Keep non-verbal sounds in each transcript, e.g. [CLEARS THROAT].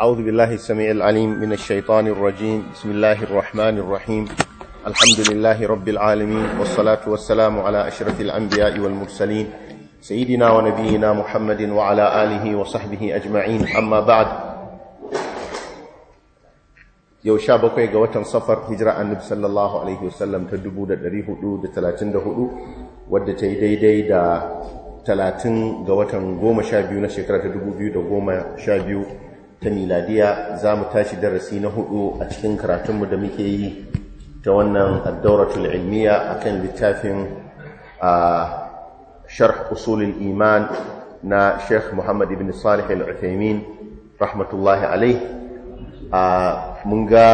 أعوذ بالله السميع العليم من الشيطان الرجيم بسم الله الرحمن الرحيم الحمد لله رب العالمين والصلاة والسلام على أشرف الأنبياء والمرسلين سيدنا ونبينا محمد وعلى آله وصحبه أجمعين أما بعد yau sha bakwai ga watan safar hijira annabi sallallahu alaihi wasallam ta 434 wadda ta yi daidai da 30 ga watan 12 na shekara ta 2012 ta miladiya za mu tashi darasi na hudu a cikin karatunmu da muke yi ta wannan addauratul ilmiya akan littafin a sharh usulul iman na Sheikh Muhammad ibn Salih al-Uthaymin rahmatullahi alai a mun ga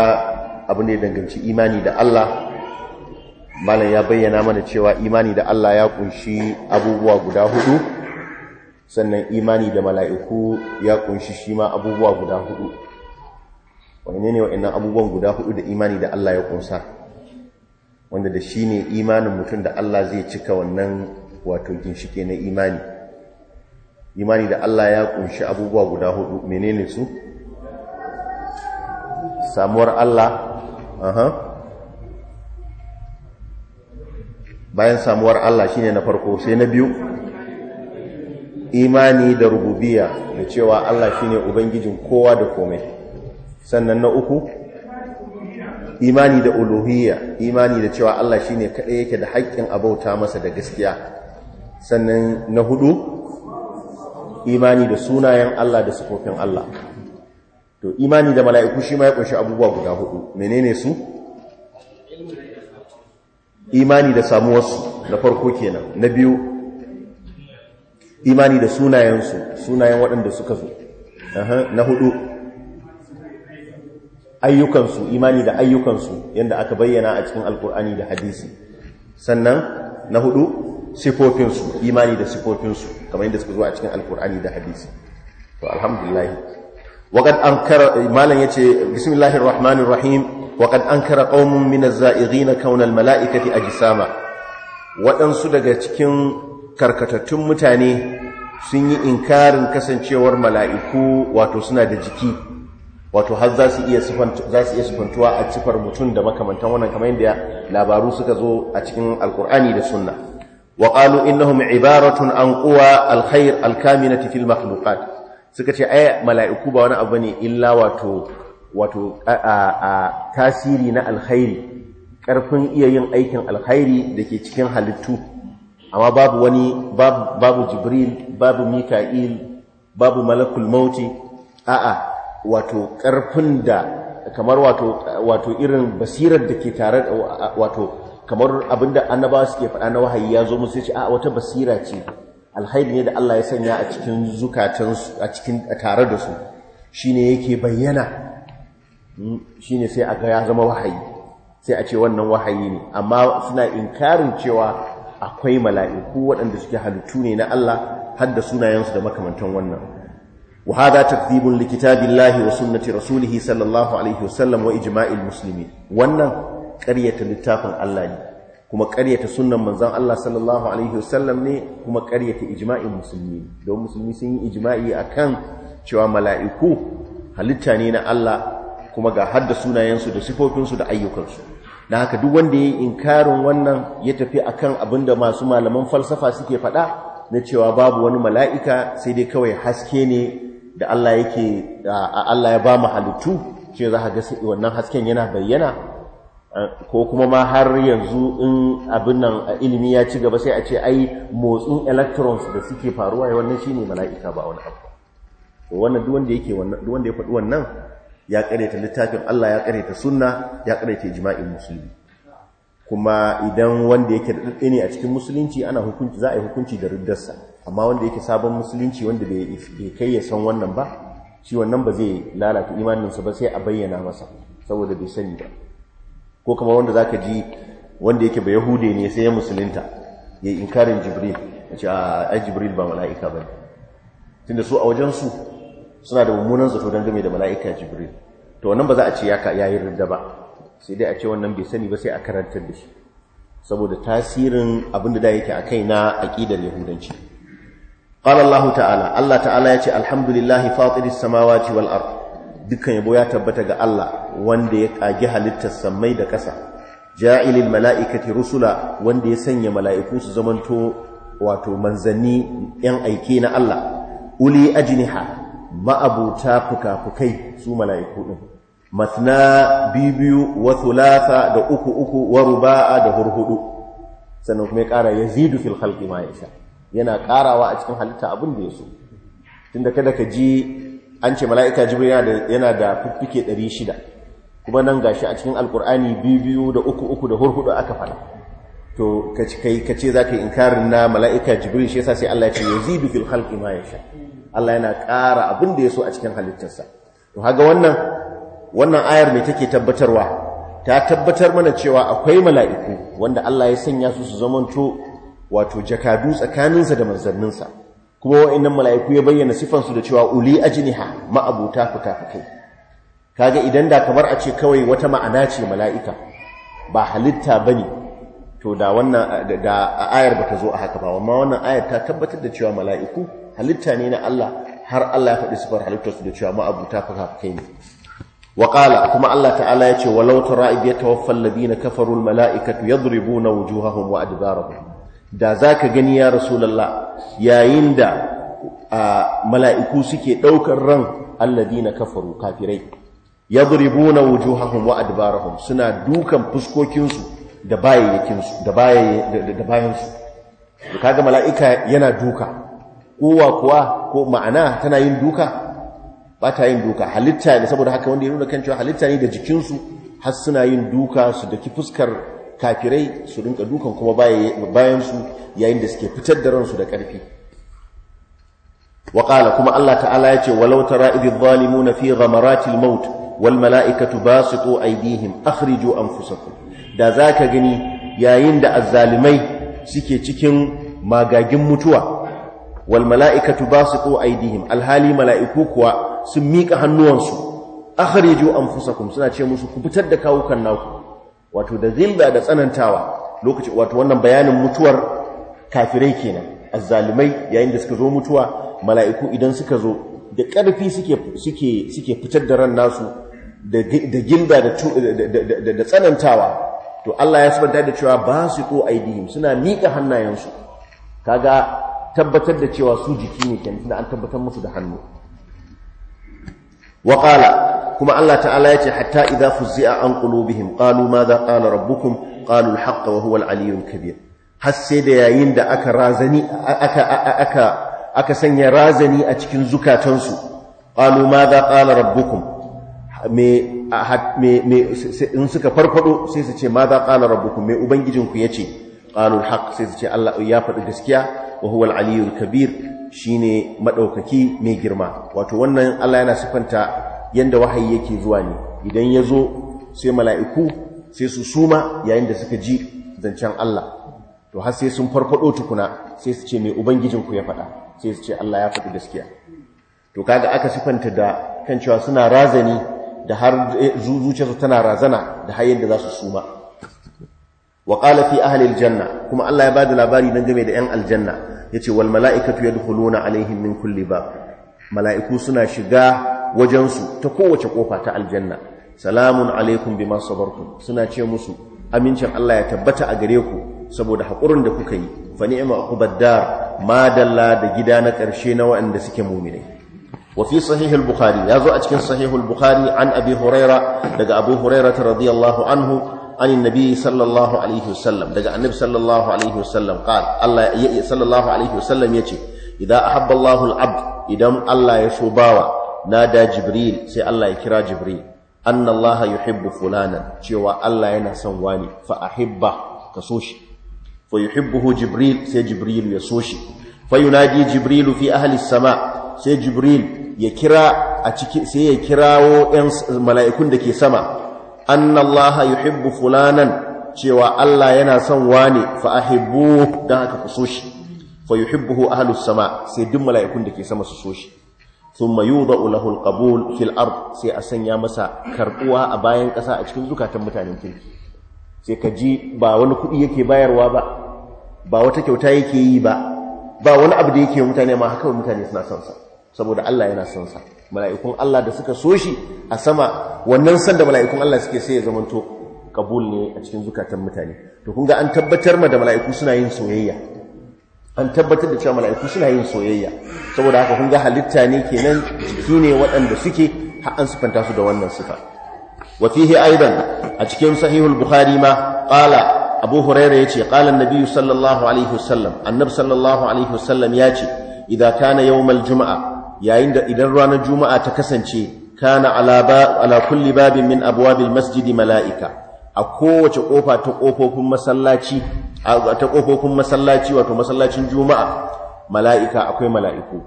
abu ne danganci imani da Allah malam ya bayyana mana cewa imani da Allah ya kunshi abubuwa guda hudu sannan imani da mala'iku ya kunshi shi ma abubuwa guda hudu wane ne wa'annan abubuwan guda hudu da imani da Allah ya kunsa wanda da shi ne imanin mutum da Allah zai cika wannan wato ginshike na imani imani da Allah ya kunshi abubuwa guda hudu menene su samuwar Allah bayan samuwar Allah ne na farko sai na biyu imani da rububiya da cewa Allah shine ubangijin kowa da komai sannan na uku imani da uluhiyya imani da cewa Allah shine kadai yake da haƙƙin abauta masa da gaskiya sannan na hudu imani da sunayen Allah da sifofin Allah to imani da mala'iku shi ma ya kunshi abubuwa guda hudu menene su imani da samuwarsu na farko kenan na biyu imani da sunayensu sunayen waɗanda suka zo na hudu ayyukansu imani da ayyukansu yadda aka bayyana a cikin alkur'ani da hadisi sannan na hudu sifofinsu imani da sifofinsu kamar yadda suka zo a cikin alkur'ani da hadisi to alhamdulillah وقد أنكر مالا يتي بسم الله الرحمن الرحيم وقد أنكر قوم من الزائغين كون الملائكة أجساما waɗansu daga cikin karkatattun mutane sun yi inkarin kasancewar mala'iku wato suna da jiki wato har za su iya sufantuwa a cifar mutum da makamantan wannan kamar yadda labaru suka zo a cikin alkur'ani da sunna wa qalu innahum ibaratun an quwa alkhair na tafil makhlukat suka ce ai mala'iku ba wani abu ne illa wato wato a tasiri na alkhairi ƙarfin iya yin aikin alkhairi ke cikin halittu amma babu wani babu jibril babu mika'il babu malakul mauti a'a wato ƙarfin da kamar wato irin basirar da ke tare wato kamar abinda annabawa suke faɗa na wahayi ya zo musu ce a wata basira ce alhaini ne da Allah ya sanya a cikin su a cikin tare da su shine yake bayyana hmm, shine sai a ga ya zama wahayi sai a ce wannan wahayi ne amma suna inkarin cewa akwai mala'iku waɗanda suke halittu ne na Allah hadda sunayensu da makamantan wannan wa hadha likita li lahi wa sunnati rasulihi sallallahu alaihi wasallam wa ijima’il musulmi wannan ƙaryata littafin Allah ne kuma ƙaryata sunan manzan Allah sallallahu alaihi wasallam ne kuma ƙaryata ijma'in musulmi don musulmi sun yi a akan cewa mala'iku halitta ne na Allah kuma ga hadda sunayensu da sifofinsu da ayyukansu da haka duk wanda ya yi inkarin wannan ya tafi akan abin da masu malaman falsafa suke faɗa na cewa babu wani mala'ika sai dai kawai haske ne da Allah yake Allah ya ba mu halittu ce za a ga wannan hasken yana bayyana ko kuma ma har yanzu in abin nan ilimi ya ci gaba sai a ce ai motsin electrons da suke faruwa wannan shi ne mala'ika ba wani abu wanda ya faɗi wannan ya karyata littafin Allah ya karyata sunna ya karyata jima'in musulmi kuma idan wanda yake da dade ne a cikin musulunci ana hukunci za a yi hukunci da riddarsa amma wanda yake sabon musulunci wanda bai kai ya san wannan ba shi wannan ba zai lalata imaninsa ba sai a bayyana masa saboda bai sani ba ko kama wanda zaka ji wanda yake ba yahude ne sai ya musulunta ya inkarin jibril a ce a jibril ba mala'ika ba ne tunda su a wajen su. suna da mummunan zato game da mala'ika jibril to wannan ba za a ce ya yi ridda ba sai dai a ce wannan bai sani ba sai a karantar da shi saboda tasirin abin da da yake a kai na aƙidar yahudanci قال allah ta'ala الله تعالى يتي الحمد لله فاطر السماوات والأرض dukkan yabo ya tabbata ga Allah wanda ya kage halittar samai da ƙasa ja'ilil mala'ikati rusula wanda ya sanya mala'iku su zamanto wato manzanni yan aike na Allah uli ajniha ma'abuta fuka-fukai su mala'iku ɗin matna biyu wa lasa da uku uku wa ruba'a da hurhudu sannan kuma ya ƙara ya zidu fil halki ma ya sha yana ƙarawa a cikin halitta abin da ya so tunda kada ka ji an ce mala'ika jibril yana da fiffike shida, kuma nan gashi a cikin alkur'ani biyu da uku uku da hurhudu aka fara to kace ce za ka yi inkarin na mala'ika jibril shi yasa sai Allah ya ce ya zidu fil halki ma ya sha Allah yana ƙara abin da ya so a cikin halittarsa to haga wannan wannan ayar mai take tabbatarwa ta tabbatar mana cewa akwai mala'iku wanda Allah ya sanya su su zamanto wato jakadu tsakaninsa da manzanninsa kuma wa'annan mala'iku ya bayyana sifansu da cewa uli a ajniha ma'abuta fuka-fukai kaga idan da kamar a ce kawai wata ma'ana ce mala'ika ba halitta ba ne. to da wannan da ayar bata zo a haka ba amma wannan ayar ta tabbatar da cewa mala'iku halitta ne na Allah har Allah ya faɗi sifar halittarsu da cewa ma'abuta fuka-fukai ne waƙala kuma Allah ta'ala ya ce walau tara ibi tawaffal ladina kafaru al mala'ikatu yadribuna wujuhahum wa adbarahum da zaka gani ya rasulullah yayin da mala'iku suke daukar ran alladina kafaru kafirai yadribuna wujuhahum wa adbarahum suna dukan fuskokinsu da bayayyakin da da bayan su kaga mala'ika yana duka kowa kuwa ko ma'ana tana yin duka ba ta yin duka halitta ne saboda haka wanda ya nuna kan cewa halitta ne da jikinsu har suna yin duka su da fuskar kafirai su rinka dukan kuma bayan su yayin da suke fitar da ransu da ƙarfi waƙala kuma Allah ta'ala ya ce walau tara idh zalimuna fi ghamaratil maut wal mala'ikatu basitu aydihim akhriju anfusakum da zaka gani yayin da azzalimai suke cikin magagin mutuwa wal mala'ikatu basitu aydihim alhali mala'iku kuwa sun mika hannuwansu akhriju anfusakum suna ce musu ku fitar da kawukan naku wato da zilla da tsanantawa lokaci wato wannan bayanin mutuwar kafirai kenan azzalimai yayin da suka zo mutuwa mala'iku idan suka zo da ƙarfi suke suke fitar da ran nasu da gilda da tsanantawa to Allah ya sabanta da cewa ba su ko aidihim suna mika hannayensu kaga tabbatar da cewa su jiki ne kenan tunda an tabbatar musu da hannu wa kuma Allah ta'ala ya ce, hatta idza fuzzi'a an qulubihim qalu madha qala rabbukum qalu al-haqqa wa huwa al-aliyyul kabir har sai da yayin da aka razani aka aka aka sanya razani a cikin zukatansu qalu madha qala rabbukum me me in suka farfado sai su ce madha qala rabbukum me ubangijinku yace qalu al-haqq sai su ce Allah ya faɗi gaskiya wa huwa al-aliyyul kabir shine madaukaki mai girma wato wannan Allah yana sifanta yanda wahayi yake zuwa ne idan ya zo sai mala'iku sai su suma yayin da suka ji zancen Allah to har sai sun farfado tukuna sai su ce mai ku ya faɗa sai su ce Allah ya faɗi gaskiya to kaga aka sifanta da kan cewa suna razani da har eh, zuciyarsu tana razana da har yadda za su suma Waƙalafi qala fi ahli kuma Allah ya bada labari dan game da yan aljanna ya ce, walmala'ikatu ya malaikatu yadkhuluna alaihim min kulli bab malaiku suna shiga wajensu ta kowace kofa ta aljanna salamun alaikum bima sabartum suna ce musu amincin Allah ya tabbata a gare ku saboda haƙurin da kuka yi fa ni'ma uqbaddar ma da gida na ƙarshe na waɗanda suke mu'minai sahihul صحيح ya zo a cikin sahihul عن أبي هريرة لقى أبو هريرة رضي الله anhu. عن النبي صلى الله عليه وسلم دقى النبي صلى الله عليه وسلم قال الله صلى الله عليه وسلم يتي إذا أحب الله العبد إذا الله يسوباوا نادى جبريل سي الله يكرا جبريل أن الله يحب فلانا شوى الله ينسان واني فأحبه كسوشي فيحبه جبريل سي جبريل يسوشي فينادي جبريل في أهل السماء سي جبريل يكرا أتكي سي يكراو ملائكون دكي سماء annallaha yuhibbu fulanan cewa Allah yana son wani fa ahibbu dan haka ku so shi fa yuhibbuhu ahlus sama sai duk mala'ikun da ke sama su so shi thumma yudha'u lahu alqabul fil ard sai a sanya masa karbuwa a bayan kasa a cikin zukatan mutanen kirki sai ka ji ba wani kuɗi yake bayarwa ba ba wata kyauta yake yi ba ba wani abu da yake mutane ma haka mutane suna son sa saboda Allah yana son sa mala'ikun Allah da suka so shi a sama wannan san da mala'ikun Allah suke sai ya zamanto kabul ne a cikin zukatan mutane to kun ga an tabbatar ma da mala'iku suna yin soyayya an tabbatar da cewa mala'iku suna yin soyayya saboda haka kun ga halitta ne kenan jiki ne waɗanda suke har an su da wannan sifa wa fihi aidan a cikin sahihul bukhari ma qala abu huraira ya ce ƙalan nabi sallallahu alaihi wasallam annab sallallahu alaihi wasallam ya ce idan kana yawmal juma'a yayin da idan ranar juma'a ta kasance kana ala kulli babin min abwabil masjidi mala'ika a kowace kofa ta kofofin masallaci ta kofofin masallaci wato masallacin juma'a mala'ika akwai mala'iku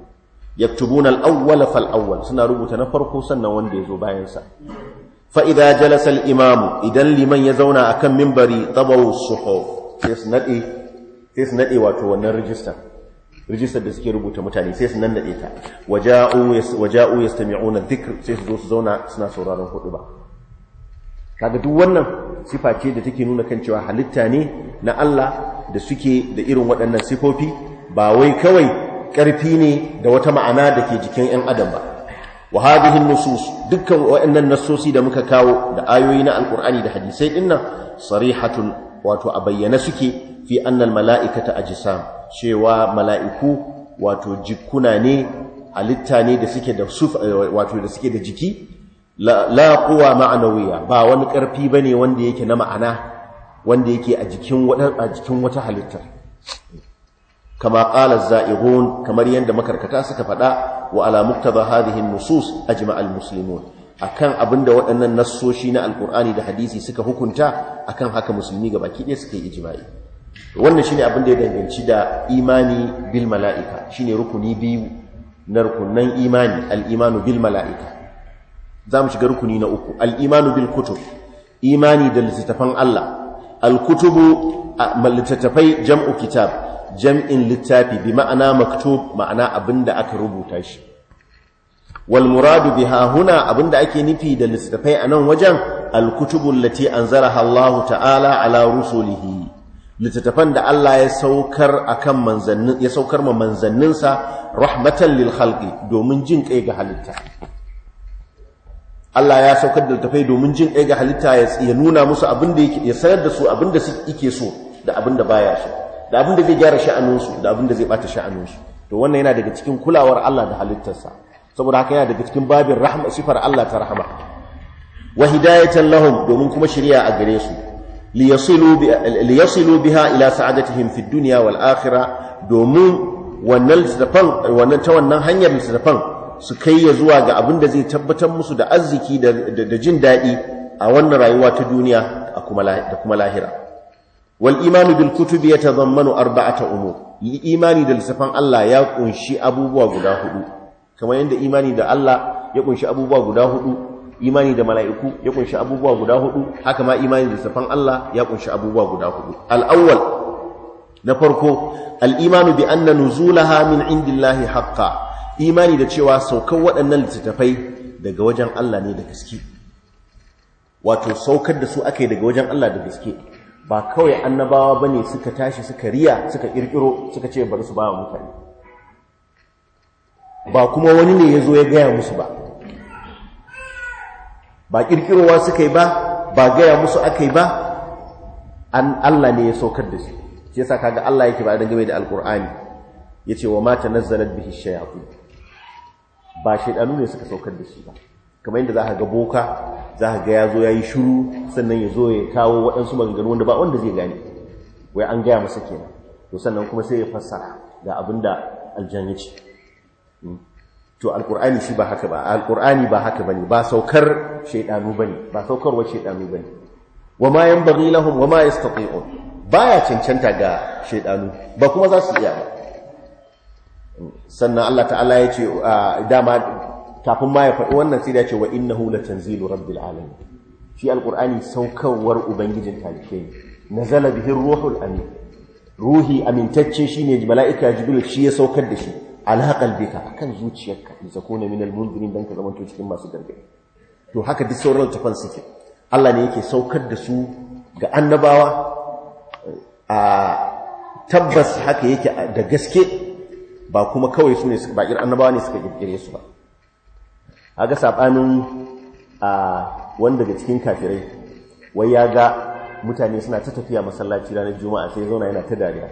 yaktubuna al-awwala fal awwal suna rubuta na farko sannan wanda ya zo bayansa. Fa'ida jalasar jalasa imamu idan liman ya zauna akan minbari tabawu suhuf su nade nade wato wannan register rijistar da suke rubuta mutane sai su nan ta waja'u yastami'una dhikr sai su zo su zauna suna sauraron hudu ba kaga duk wannan sifa ce da take nuna kan cewa halitta ne na Allah da suke da irin waɗannan sifofi ba wai kawai ƙarfi ne da wata ma'ana da ke jikin 'yan adam ba wa hadhihi nusus dukkan waɗannan nassosi da muka kawo da ayoyi na Alƙur'ani da hadisai dinnan sarihatun wato a bayyana suke fi annal mala'ikata ajsam cewa mala'iku wato jikuna ne halitta ne da suke da wato da suke da jiki la ma'ana wuya ba wani ƙarfi ba ne wanda yake na ma'ana wanda yake a jikin wata halittar kama ƙalar za’irun kamar yadda makarkata suka faɗa wa ala hadihin musus a jima’al ajma' A kan abin da waɗannan nassoshi na Alƙur'ani da hadisi suka hukunta akan haka musulmi ga baki ɗaya suka yi ijima'i. wannan shine abin da ya danganci da imani bil mala'ika shine rukuni biyu na rukunan imani al bil mala'ika zamu shiga rukuni na uku al-imanu bil kutub imani da littattafan Allah al-kutubu littattafai jam'u kitab jam'in littafi bi ma'ana maktub ma'ana abinda aka rubuta shi wal muradu biha huna abinda ake nufi da littattafai anan wajen al-kutubu allati anzaraha Allah ta'ala ala rusulihi littattafan da Allah ya saukar akan manzannin ya saukar ma manzanninsa rahmatan lil khalqi domin jin kai ga halitta Allah ya saukar da littattafai domin jin kai ga halitta ya nuna musu abin da yake ya sanar da su abin da yake so da abin da baya so da abin da zai gyara sha'aninsu da abin da zai bata sha'aninsu to wannan yana daga cikin kulawar Allah da halittarsa saboda haka yana daga cikin babin rahma sifar Allah ta rahama wa hidayatan lahum domin kuma shari'a a gare su liyasilu biha ila sa'adatihim fi dunya wal akhirah domin wannan wannan ta wannan hanyar littafan su kai ya zuwa ga abin da zai tabbatar musu da arziki da jin daɗi a wannan rayuwa ta duniya da kuma lahira wal imanu bil kutubi yatadammanu arba'ata umur imani da lissafan Allah ya kunshi abubuwa guda hudu kamar yadda imani da Allah ya kunshi abubuwa guda hudu imani da mala'iku ya kunshi abubuwa guda hudu haka ma imani da safan Allah ya kunshi abubuwa guda hudu al'awwal na farko al'imanu bi anna nuzulaha min indillahi haqqa imani da cewa saukan waɗannan littattafai daga wajen Allah ne da gaske wato saukar da su aka yi daga wajen Allah da gaske ba kawai annabawa ba ne suka tashi suka riya suka ƙirƙiro suka ce bari su ba mutane ba kuma wani ne ya zo ya gaya musu ba ba kirkirowa suka yi ba ba gaya musu aka yi ba an Allah ne ya saukar da su shi yasa kaga Allah yake ba dangane da alqur'ani yace wa ma tanazzalat bihi shayaku? ba shaydanu ne suka saukar da shi ba kamar yadda zaka ga boka zaka ga yazo yayi shiru sannan yazo ya kawo waɗansu maganganu wanda ba wanda zai gane wai an gaya masa kenan to sannan kuma sai ya fassara ga abinda da ya ce hmm. to alkur'ani shi ba haka ba alkur'ani ba haka bane ba saukar shaydanu bane ba saukarwar shaydanu bane wama yanbaghi lahum wama yastati'un baya cancanta ga shaydanu ba kuma za su iya ba sannan Allah ta'ala ya ce dama kafin ma ya faɗi wannan sai ya ce wa innahu latanzilu rabbil alamin shi alkur'ani saukarwar ubangijin talikai nazala bihi ruhul amin ruhi amintacce shine mala'ika jibril shi ya saukar da shi ala qalbika akan zuciyarka zakuna min almunzirin dan ka zama to cikin masu gargadi to haka duk sauran tafan suke Allah ne yake saukar da su ga annabawa a tabbas haka yake da gaske ba kuma kawai su ne ba irin annabawa ne suka kirkire su ba aga sabanin a wanda daga cikin kafirai wai ya ga mutane suna ta tafiya masallaci ranar juma'a sai zauna yana ta dariya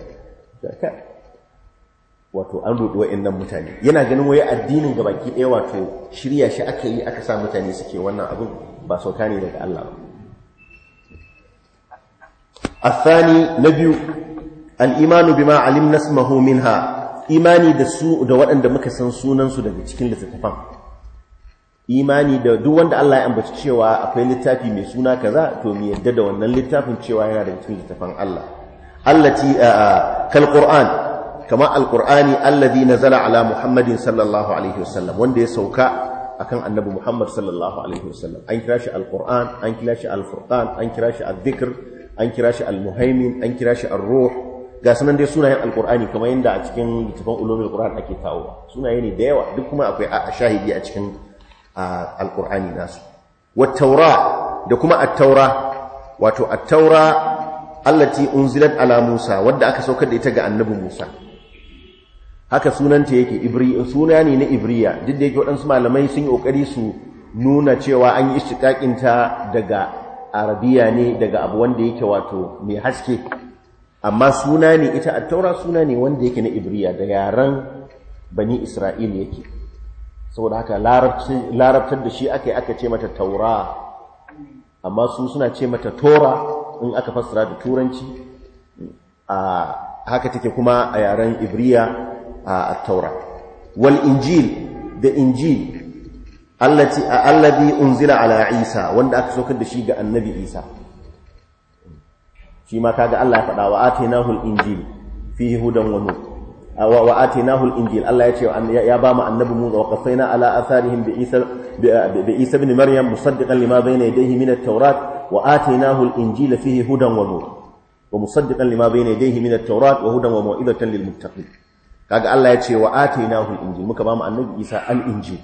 wato an rudu wa'annan mutane yana ganin waye addinin ga baki ɗaya wato shirya shi aka yi aka sa mutane suke wannan abin ba sauka ne daga Allah ba الثاني al الإيمان bima علمنا اسمه minha minha? da su da waɗanda muka san sunansu daga cikin littattafan imani da duk wanda Allah ya ambaci cewa akwai littafi mai suna kaza to mu yadda da wannan littafin cewa yana daga cikin littafin Allah allati kal qur'an kama alqur'ani allazi nazala ala muhammadin sallallahu alaihi wasallam wanda ya sauka akan annabi muhammad sallallahu alaihi wasallam an kira shi alqur'an an kirashi shi alfurqan an kira shi azzikr an kira shi almuhaimin an kira shi arruh ga sanan dai sunayen alqur'ani kamar yanda a cikin littafin ulumul qur'an ake kawo sunaye ne da yawa duk kuma akwai a shahidi a cikin alqur'ani nasu wat da kuma at wato at-taura allati unzilat ala musa wadda aka saukar da ita ga annabi musa haka sunanta yake suna ne na ibriya duk da yake waɗansu malamai sun yi ƙoƙari su nuna cewa an yi ishtiƙaƙinta daga arabiya ne daga abu wanda yake wato mai haske amma suna ne ita a taura suna ne wanda yake na ibriya da yaren bani isra'il yake saboda haka larabtar da shi aka yi aka ce mata taura amma su suna ce mata tora in aka fassara da turanci a haka take kuma a yaren ibriya a taura wal injil da injil allati allazi unzila ala isa wanda aka saukar da shi ga annabi isa shi ma kaga Allah ya faɗa wa atainahu al injil hudan wa nur wa atainahu Allah ya ce ya ba mu annabi mu wa qafaina ala atharihim bi isa isa ibn maryam musaddiqan lima bayna yadayhi min at tawrat hudan wa wa hudan kaga Allah ya ce wa atainahu al-injil muka ba mu annabi Isa al-injil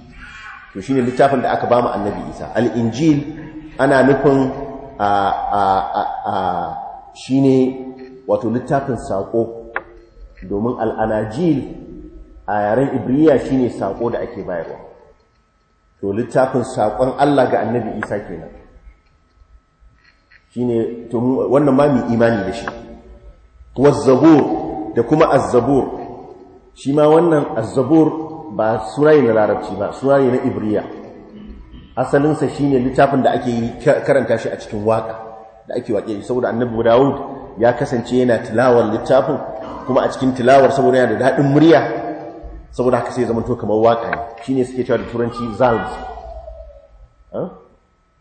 to shine littafin da aka ba mu annabi Isa al-injil ana nufin a a a shine wato littafin sako domin al-anajil a yaren ibriya shine sako da ake bayarwa to littafin sakon Allah ga annabi Isa kenan shine to wannan ma mu imani da shi wa zabur da kuma az-zabur shi ma wannan azabur ba surayi na larabci ba surayi na ibriya asalinsa shi ne littafin da ake karanta shi a cikin waka da ake waƙe saboda annabi dawud ya kasance yana tilawar littafin kuma a cikin tilawar saboda yana da daɗin murya saboda haka sai zamanto kamar waka ne shi ne suke cewa da turanci zalz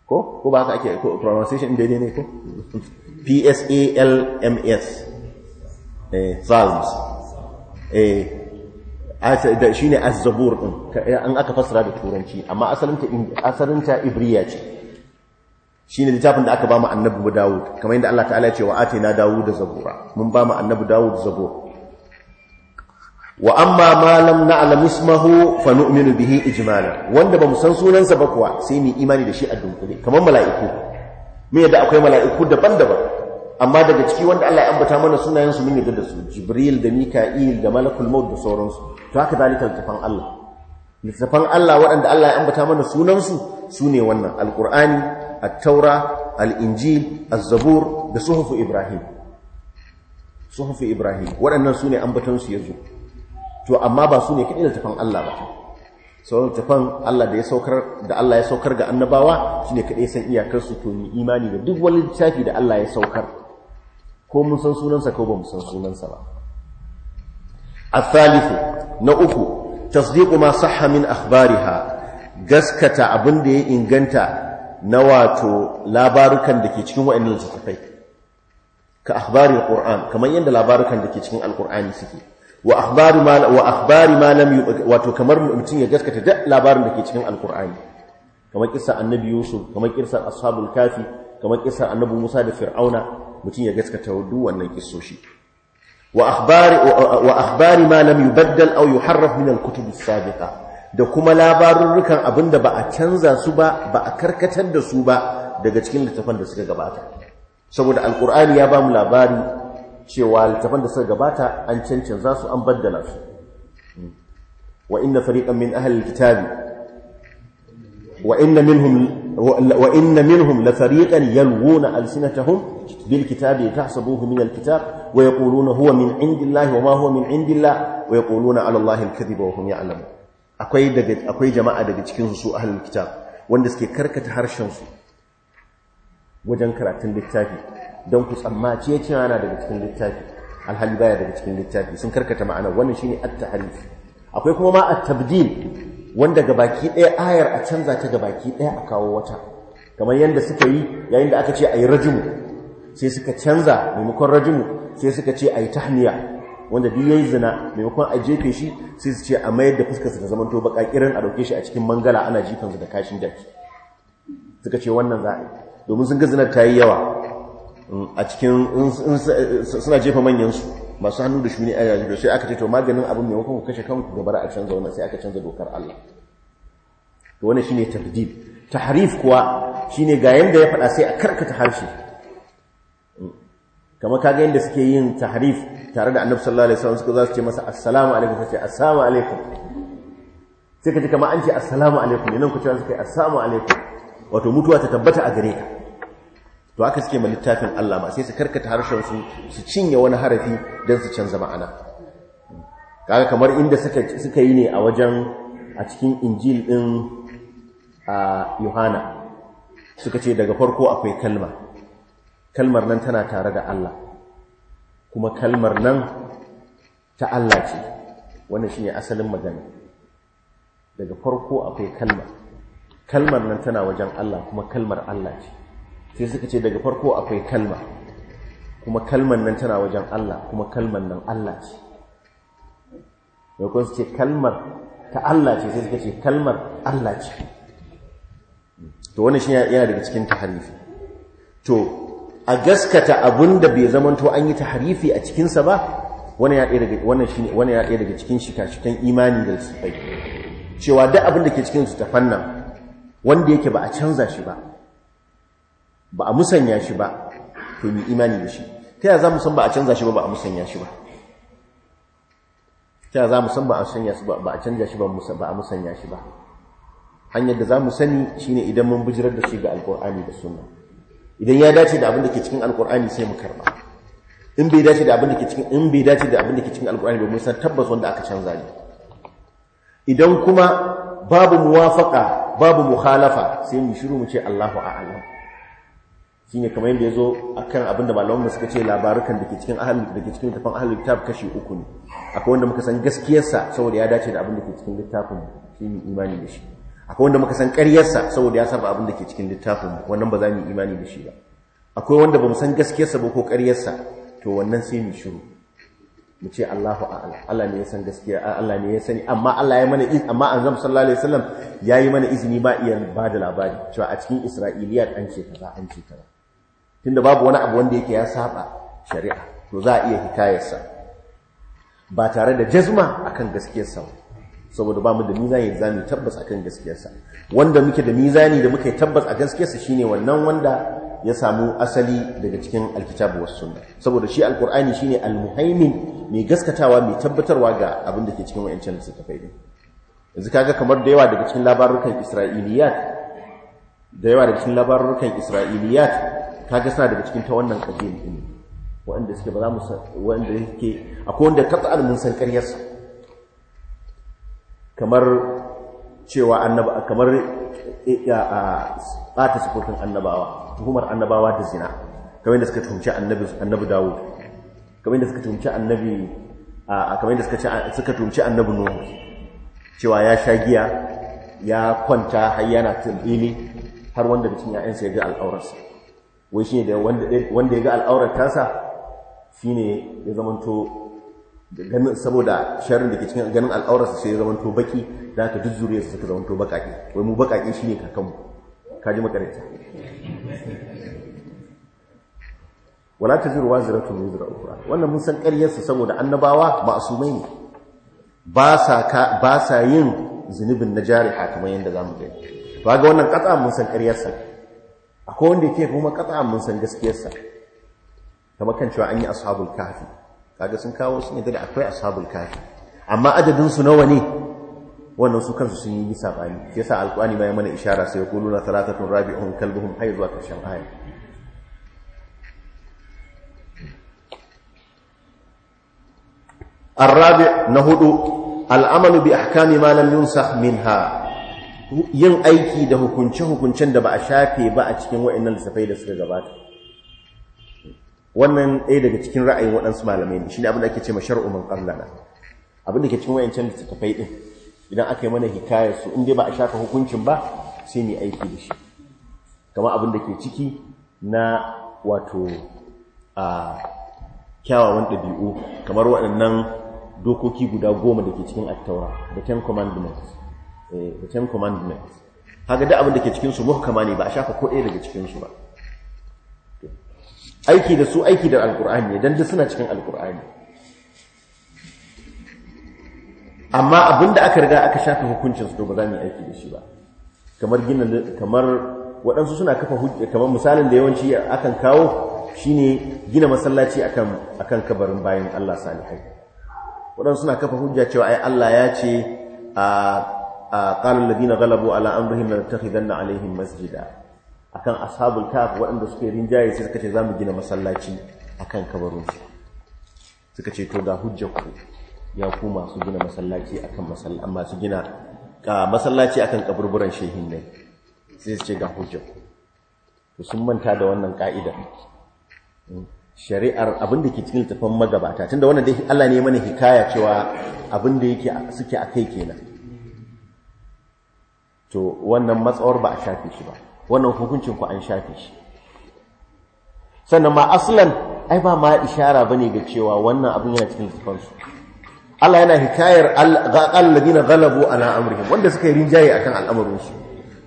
ko ko ba haka ake pronunciation daidai ne ko [LAUGHS] p s a l m s eh eh shi ne azzabur ɗin eh, an aka fasara da turanci amma asalinta ibriya ce shi ne littafin da aka ba mu annabi dawud kamar yadda allah ta'ala ce wa ate na dawud da zabura mun ba mu annabi dawud zabur wa amma ma lam na'lam mahu fa nu'minu bihi ijimana wanda ba mu san sunansa ba kuwa sai mu imani da shi a dunkule kamar mala'iku yadda akwai mala'iku daban-daban amma daga ciki wanda Allah ya ambata mana sunayen su mun yadda da su Jibril da Mika'il da Malakul Maut da sauransu to haka dalika littafan Allah littafan Allah waɗanda Allah ya ambata mana sunan su sune wannan al At-Taura Al-Injil Az-Zabur da Suhufu Ibrahim Suhufu Ibrahim waɗannan sune ambatan su yazo to amma ba su sune kadai littafan Allah ba sauran tafan Allah da ya saukar da Allah ya saukar ga annabawa shine kadai san iyakar su to ni imani da duk wani littafi da Allah ya saukar ko mun san sunansa ko ba mu san sunansa ba A athalithu na uku tasdiqu ma sahha min akhbariha gaskata abin da ya inganta na wato labarukan da ke cikin wa'annan littattafai ka akhbari alquran kamar yadda labarukan da ke cikin alqurani suke wa akhbari ma wa akhbari ma lam wato kamar mutum ya gaskata duk labarin da ke cikin alqurani kamar kissa annabi yusuf kamar kissa ashabul kafi kamar kisar annabu Musa da Fir'auna mutum ya gaskata wa wannan kisoshi wa akhbari ma lam yubaddal aw yuharraf min al-kutub as-sabiqa da kuma labarurrukan abinda ba a canza su ba ba a karkatar da su ba daga cikin littafan da suka gabata saboda alqur'ani ya bamu labari cewa littafan da suka gabata an cancanza su an baddala su wa inna fariqan min ahli al-kitabi wa inna minhum وإن منهم لفريقا يلغون ألسنتهم بالكتاب لتحسبوه من الكتاب ويقولون هو من عند الله وما هو من عند الله ويقولون على الله الكذب وهم يعلمون akwai daga akwai jama'a daga cikin su ahlul kitab wanda suke karkata harshen su wajen karatun littafi don ku tsammaci ya ce yana daga cikin littafi alhali baya daga cikin littafi sun karkata ma'ana wannan shine at-tahrif akwai kuma ma at-tabdil wanda gabaki ɗaya ayar a canza ta ga baki ɗaya a kawo wata kamar yadda suka yi yayin da aka ce a yi rajimu sai suka canza maimakon rajimu sai suka ce a yi tahniya wanda duk yayi zina maimakon a jefe shi sai su ce a mayar da fuskarsa ta zamanto baka kiran a dauke shi a cikin mangala ana jikansu da kashin jaki suka ce wannan za a domin sun ga zinar ta yi yawa mm, a cikin suna jefa manyansu masu hannu da shuni a yanzu sai aka ce to maganin abin mai ku kashe kanku gaba a canza wannan sai aka canza dokar Allah to wannan shine tabdib tahrif kuwa shine ga yanda ya faɗa sai a karkata harshe kamar kaga yanda suke yin tahrif tare da Annabi sallallahu alaihi wasallam suka za su ce masa assalamu alaikum sai assalamu alaikum sai ka ji kamar an ce assalamu alaikum ne nan ku ce suka yi assalamu alaikum wato mutuwa ta tabbata a gare ka to aka suke ma littafin Allah ma sai su karkata harshen su su cinye wani harafi don su canza ma'ana kaga kamar inda suka suka yi ne a wajen a cikin injil din a Yohana suka ce daga farko akwai kalma kalmar nan tana tare da Allah kuma kalmar nan ta Allah ce wannan shine asalin magana daga farko akwai kalma kalmar nan tana wajen Allah kuma kalmar Allah ce sai suka ce daga farko akwai kalma kuma kalman nan tana wajen Allah kuma kalman nan Allah ce maimakon su ce kalmar ta Allah ce sai suka ce kalmar Allah ce to wani shi yana daga cikin taharifi to a gaskata abun da bai zamanto an yi taharifi a cikinsa ba wani ya ɗaya daga cikin shika-shikan imani da su cewa duk abin da ke cikinsu ta fannan wanda yake ba a canza shi ba ba a musanya shi ba to yi imani da shi ta yaya za mu san ba a canza shi ba ba a musanya shi ba ta yaya za mu san ba a sanya shi ba ba a canza shi ba ba a musanya shi ba hanyar da za mu sani shi ne idan mun bujirar da shi ga alkur'ani da suna. idan ya dace da abin da ke cikin alkur'ani sai mu karba in bai dace da abin da ke cikin in bai dace da abin da ke cikin alkur'ani ba mun san tabbas wanda aka canza ne idan kuma babu muwafaqa babu mukhalafa sai mu shiru mu ce Allahu a'lam shine kamar yadda ya zo a kan abin da malamanmu suka ce labarukan da ke cikin da ke cikin littafin ahalin littaf kashi uku ne akwai wanda muka san gaskiyarsa saboda ya dace da abin da ke cikin littafin shi ne imani da shi akwai wanda muka san karyarsa saboda ya saba abin da ke cikin littafin wannan ba za mu yi imani da shi ba akwai wanda ba mu san gaskiyarsa ba ko karyarsa, to wannan sai mu shiru mu ce Allahu a'lam Allah ne ya san gaskiya Allah ne ya sani amma Allah ya mana izini amma annabi sallallahu alaihi wasallam yayi mana izini ba iya ba da labari cewa a cikin Isra'iliyat an ce kaza an ce kaza tunda babu wani abu wanda yake ya saba shari'a to za a iya hikayarsa ba tare da jazma akan gaskiyarsa saboda ba mu da mizani da zamu tabbas akan gaskiyarsa wanda muke da mizani da muke tabbas a gaskiyarsa shine wannan wanda ya samu asali daga cikin alkitabu wasu sunna saboda shi alkur'ani shine almuhaimin mai gaskatawa mai tabbatarwa ga abin da ke cikin wayancin littattafai ne yanzu kaga kamar da yawa daga cikin labarukan isra'iliyat da yawa daga cikin labarukan isra'iliyat Ta suna daga cikin ta wannan qabil din wanda suke ba za mu wanda yake akwai wanda qat'an mun san ƙaryarsa kamar cewa annaba kamar eh, a ɓata sifofin annabawa tuhumar annabawa da zina kamar yadda suka tuhumci annabi annabi Dawud kamar yadda suka tuhumci annabi a kamar yadda suka tuhumci annabi Nuhu cewa ya sha giya ya kwanta har yana tilili har wanda bikin 'ya'yansa ya ga al'aurarsa wai shi da wanda ya ga al'aurar tasa shi ne ya zamanto saboda sharin da ke cikin ganin al'aurarsa sai ya zamanto baki da aka duk zuriyarsa suka zamanto bakaki wai mu bakaki shi ne kakanmu kaji makaranta wala ta tun ziratun wuzura ukura wannan mun san ƙaryarsa saboda annabawa ma'asumai ne ba sa yin zunubin na jariha kamar yadda za mu gani ba ga wannan ƙasa mun san ƙaryarsa akwai wanda yake kuma katsa mun san gaskiyarsa kamar kan cewa an yi ashabul kafi kaga sun kawo sun yadda akwai ashabul kafi amma adadin su nawa ne wannan su kansu sun yi sabani shi yasa alqur'ani ma ya mana ishara sai yaquluna thalathatun rabi'uhum kalbuhum hayy zuwa karshen aya الرابع نهدو العمل بأحكام ما لم ينسخ منها yin aiki da hukunce-hukuncen da ba a shafe ba a cikin wa'annan lissafai da suka gabata wannan ɗaya daga cikin ra'ayin waɗansu malamai ne shi ne abinda ake ce mashar umar man ƙallana abinda ke cikin wa'ancan suka faiɗin idan aka yi mana hikayar su in dai ba a shafe hukuncin ba sai mu aiki da shi kama abin ke ciki na wato a kyawawan ɗabi'u kamar waɗannan dokoki guda goma da ke cikin attaura da ten commandments the eh, ten commandments haka duk abin da ke cikin su muhkama ne ba a shafa ko daga cikin su ba aiki da su aiki da alkur'ani ne dan duk suna cikin alkur'ani amma abin da aka riga aka shafa hukuncin su ba za mu aiki da shi ba kamar gina kamar waɗansu suna kafa hujja kamar misalin da yawanci akan kawo shine gina masallaci akan akan kabarin bayan Allah salihai waɗansu suna kafa hujja cewa ai Allah ya ce a qala alladhina ghalabu ala amrihim lanattakhidanna alaihim masjida akan ashabul kaf waɗanda suke rinjaye sai suka ce za mu gina masallaci a kan su suka ce to ga hujjar ya ku masu gina masallaci a kan masu gina ka masallaci akan kaburburan shehin ne sai su ce ga hujjar to sun manta da wannan ƙa'idar shari'ar abin da ke cikin littafin magabata tunda wannan dai Allah ne mana hikaya cewa abin da yake suke kai kenan to wannan matsawar ba a shafe shi ba wannan hukuncin ku an shafe shi sannan ma aslan ai ba ma ishara bane ga cewa wannan abin yana cikin zufansu Allah yana hikayar alladina ghalabu ala amrihim wanda suka yi rinjaye akan al'amarin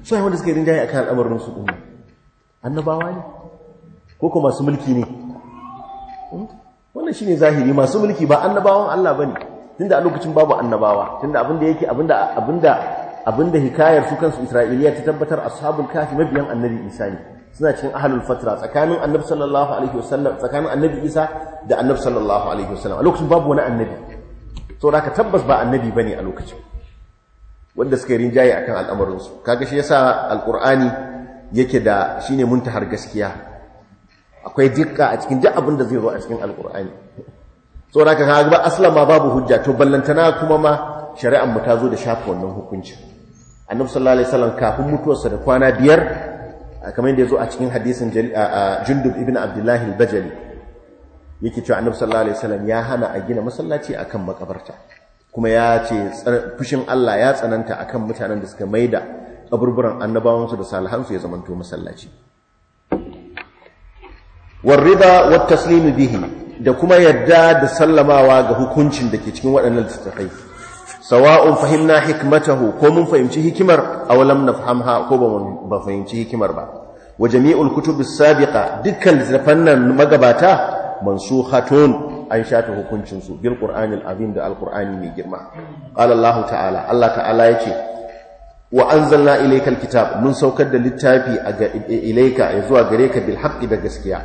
su ai wanda suka yi rinjaye akan al'amarin su din annabawa ne ko kuma masu mulki ne wannan shine zahiri masu mulki ba annabawan Allah bane tunda a lokacin babu annabawa tunda abinda yake abinda abinda abinda hikayar su kansu Isra'iliya ta tabbatar ashabul kafi mabiyan annabi Isa ne suna cikin ahlul fatra tsakanin annabi sallallahu alaihi wasallam tsakanin annabi Isa da annabi sallallahu alaihi wasallam a lokacin babu wani annabi da ka tabbas ba annabi bane a lokacin wanda suka rinjaye akan al'amarin su kaga shi yasa alqur'ani yake da shine muntahar gaskiya akwai dukka a cikin duk abin da zai zo a cikin alqur'ani da ka kaga ba aslama babu hujja to ballantana kuma ma shari'ar mu ta zo da shafi wannan hukuncin annabi sallallahu alaihi wasallam kafin mutuwarsa da kwana biyar kamar yadda yazo a cikin hadisin Jundub ibn Abdullah al-Bajali yake cewa annabi sallallahu alaihi wasallam ya hana a gina masallaci akan makabarta kuma ya ce fushin Allah ya tsananta akan mutanen da suka maida kaburburan annabawansu da salihan su ya zamanto masallaci Warriba wat taslim bihi da kuma yadda da sallamawa ga hukuncin da ke cikin waɗannan littattafai sawa'un fahimna hikmatahu ko mun fahimci hikimar aw lam nafhamha ko ba fahimci hikimar ba wa jami'ul kutubis sabiqa dukkan littafan nan magabata mansukhatun an shata hukuncin su bil qur'anil azim da alqur'ani mai girma qala allah ta'ala allah ta'ala yace wa anzalna ilaykal kitab mun saukar da littafi ilayka zuwa gare ka bil haqqi da gaskiya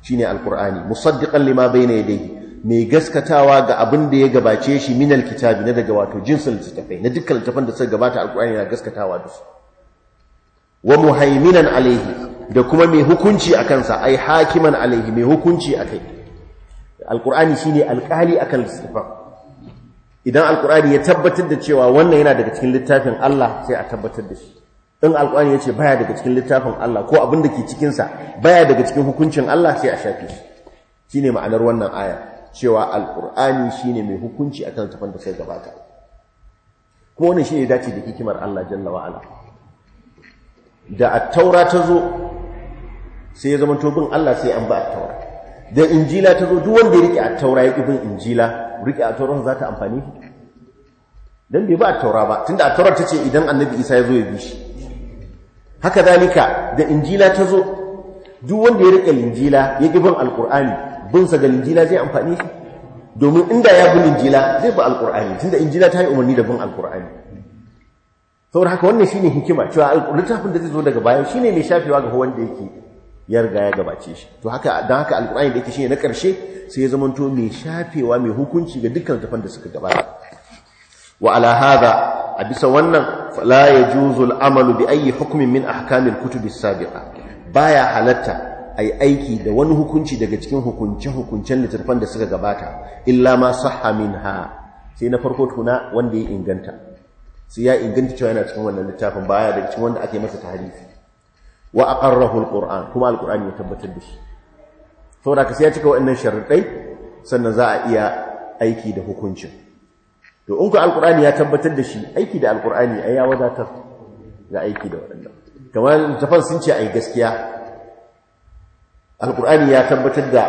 shine alqur'ani musaddiqan lima bayna yadayhi mai gaskatawa ga abin da ya gabace shi min alkitabi na daga wato jinsin littattafai na dukkan littattafan da suka gabata alkur'ani yana gaskatawa da su wa muhaiminan alaihi da kuma mai hukunci a kansa ai hakiman alaihi mai hukunci a kai alkur'ani shine alkali akan littattafan idan alkur'ani ya tabbatar da cewa wannan yana daga cikin littafin Allah sai a tabbatar da shi in alkur'ani ya ce baya daga cikin littafin Allah ko abin da ke cikinsa baya daga cikin hukuncin Allah sai a shafe shi shine ma'anar wannan aya cewa shi ne mai hukunci akan tafan da sai gabata kuma wani shi ne dace da hikimar Allah jalla wa'ala. da at-taura ta zo sai ya zama tobin Allah sai an ba a taura da injila ta zo duk wanda ya rike a taura ya kibin injila rike a taura za ta amfani dan bai ba a taura ba tunda a taura ce idan annabi Isa ya zo ya bi shi haka zalika da injila ta zo duk wanda ya rike injila ya kibin Alƙur'ani. binsa da linjila zai amfani shi domin inda ya bi linjila zai bi alkur'ani tunda injila ta yi umarni da bin alkur'ani saboda haka wannan shine hikima cewa littafin da zai zo daga baya shine mai shafewa ga wanda yake yarga ya gabace shi to haka dan haka alkur'ani da yake shine na karshe sai ya to mai shafewa mai hukunci ga dukkan tafan da suka gabata wa ala hada a bisa wannan fala yajuzu amalu bi ayi hukmin min ahkamil kutubi sabiqa baya halatta a yi aiki da wani hukunci daga cikin hukunce-hukuncen littattafan da suka gabata illa ma sahha ha, sai na farko tuna wanda ya inganta sai ya inganta cewa yana cikin wannan littafin baya daga cikin wanda ake masa tarihi wa aqarrahu alquran kuma alqurani ya tabbatar da shi da ka sai ya cika waɗannan sharuɗai sannan za a iya aiki da hukuncin to in ku alqurani ya tabbatar da shi aiki da alqurani ya wadatar ga aiki da waɗannan kamar littattafan sun ce yi gaskiya alkur'ani ya tabbatar da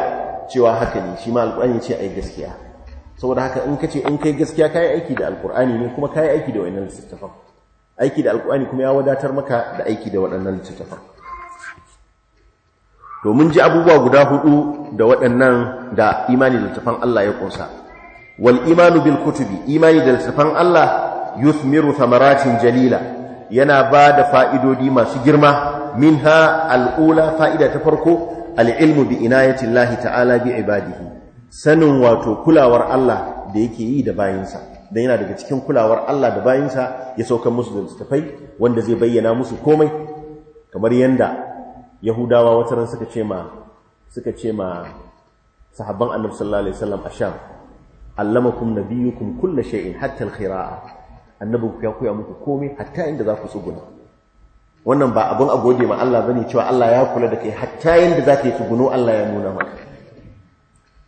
cewa haka ne shi ma alkur'ani ce ai gaskiya saboda haka in kace in kai gaskiya kai aiki da alkur'ani ne kuma kai aiki da wannan littattafan aiki da alkur'ani kuma ya wadatar maka da aiki da waɗannan littattafan to mun ji abubuwa guda hudu da waɗannan da imani da littattafan Allah ya ƙunsa, wal imanu bil kutubi imani da littattafan Allah yuthmiru thamaratin jalila yana ba da fa'idodi masu girma minha al'ula fa'ida ta farko al'ilmu bi inayatin lahi ta'ala bi ibadihi sanin wato kulawar Allah da yake yi da bayinsa don yana daga cikin kulawar Allah da bayinsa ya sauka musu da littattafai wanda zai bayyana musu komai kamar yadda yahudawa wata ran suka ce ma suka ce ma sahabban annabi sallallahu alaihi wasallam asham allamakum nabiyukum kull shay'in hatta al annabi ku ya koya muku komai hatta inda za ku tsuguna wannan ba abin a goge ma Allah bane cewa Allah ya kula da kai hatta yanda zaka yi tsuguno Allah ya nuna maka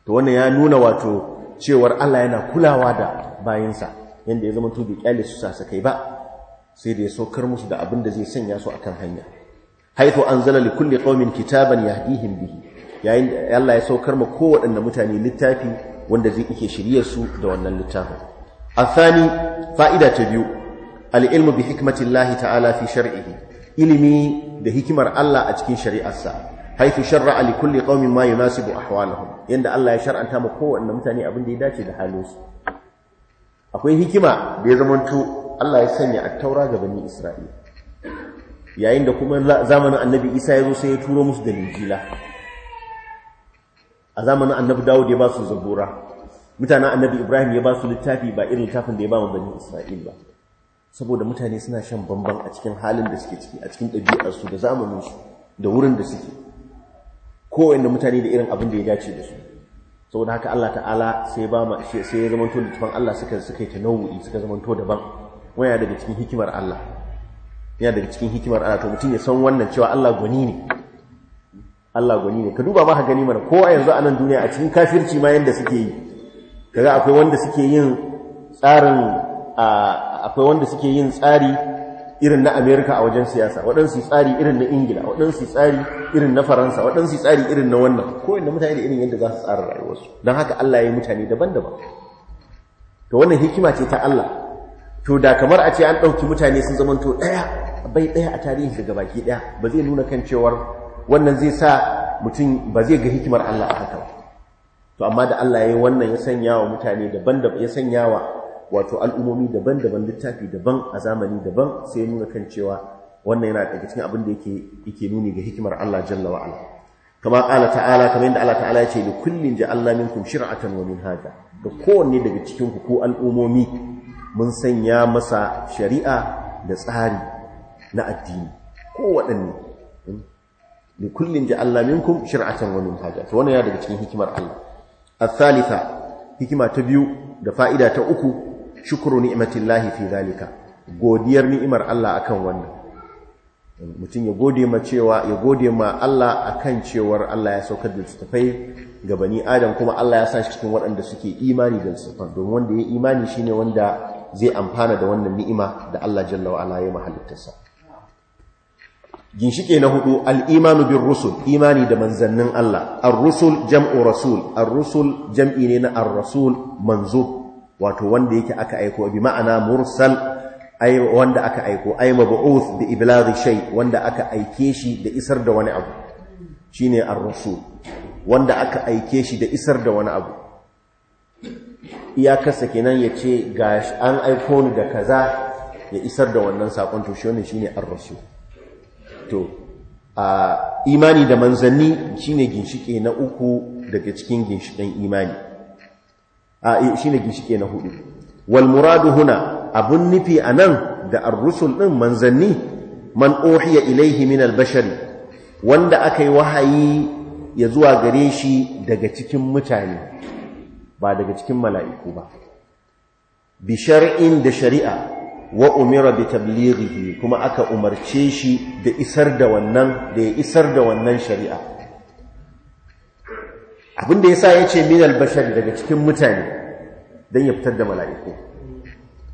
to wannan ya nuna wato cewar Allah yana kulawa da bayansa yanda ya zama to bi kyale su sasa kai ba sai da ya saukar musu da abin da zai sanya su akan hanya haitu anzala li kulli qaumin kitaban yahdihim bihi yayin Allah ya saukar ma kowaɗanne mutane littafi wanda zai ike shirye su da wannan littafin athani fa'ida ta biyu al-ilmu bi hikmatillahi ta'ala fi shar'ihi ilimi da hikimar Allah a cikin shari'arsa haifu shar'a li kulli qaumin ma yunasibu ahwalahum yanda Allah ya shar'anta ma kowanne mutane abin da ya dace da halinsu akwai hikima da ya zamanto Allah ya sanya at-taura ga bani Isra'ila yayin da kuma zamanin annabi Isa ya zo sai ya turo musu da Injila a zamanin annabi Dawud ya ba su zabura mutanen annabi Ibrahim ya ba su littafi ba irin littafin da ya ba mu bani Isra'ila ba saboda mutane suna shan bamban a cikin halin da suke ciki a cikin ɗabi'arsu da zamaninsu da wurin da suke kowanne mutane da irin abin da ya dace da su saboda haka Allah ta'ala sai ba ma sai ya zamanto littafin Allah suka suka yi tanawu'i suka zamanto daban waya daga cikin hikimar Allah ya daga cikin hikimar Allah to mutum ya san wannan cewa Allah gwani ne Allah gwani ne ka duba ma ka gani mana kowa yanzu a nan duniya a cikin kafirci ma yanda suke yi kaga akwai wanda suke yin tsarin a akwai wanda suke yin tsari irin na amerika a wajen siyasa waɗansu tsari irin na ingila waɗansu tsari irin na faransa waɗansu tsari irin na wannan kowane mutane da irin yadda za su tsara rayuwarsu don haka allah ya yi mutane daban-daban to wannan hikima ce ta allah to da kamar a ce an ɗauki mutane sun zamanto ɗaya bai ɗaya a tarihi daga baki ɗaya ba zai nuna kan cewar wannan zai sa mutum ba zai ga hikimar allah a haka to amma da allah ya yi wannan ya sanya wa mutane daban-daban ya sanya wa wato al'umomi daban-daban littafi daban a zamani daban sai nuna kan cewa wannan yana daga cikin abin da yake nuni ga hikimar Allah jalla wa ala kama qala ta'ala kamar yadda Allah ta'ala ya ce li kullin ja'alna minkum shir'atan wa minhaja ga kowanne daga cikin ku ko al'umomi mun sanya masa shari'a da tsari na addini ko waɗanne li kullin ja'alna minkum shir'atan wa minhaja to wannan yana daga cikin hikimar Allah al-thalitha hikima ta biyu da fa'ida ta uku ni'imatin lahi fi zalika godiyar ni'imar Allah akan wannan mutum ya gode ma cewa ya gode ma Allah akan cewar Allah ya saukar da littattafai ga bani Adam kuma Allah ya sa shi cikin waɗanda suke imani da littattafan domin wanda ya imani shine wanda zai amfana da wannan ni'ima da Allah jalla wa ala ya mahalittarsa ginshike na hudu al-imanu bir rusul imani da manzannin Allah ar-rusul jam'u rasul ar-rusul jam'i ne na ar-rasul manzo wato wanda yake aka aiko bi ma'ana mursal ay wanda aka aiko ay mab'uth bi iblaghi shay wanda aka aike shi da isar da wani abu shine ar rusul wanda aka aike shi da isar da wani abu iyakarsa kenan ya ce ga an aiko ni da kaza ya isar da wannan sakon to shi ne shine ar rusul to a imani da manzanni shine ginshike na uku daga cikin ginshiken imani a e, shine gishike na hudu walmuradu huna abun nufi anan da ar-rusul din manzanni man uhiya ilaihi min albashari, bashari wanda aka yi wahayi ya zuwa gare shi daga cikin mutane ba daga cikin mala'iku ba bi shari'in da shari'a wa umira bi tablighihi kuma aka umarce shi da ya isar da wannan shari'a abin da ya ce minal bashari daga cikin mutane don ya fitar da mala'iku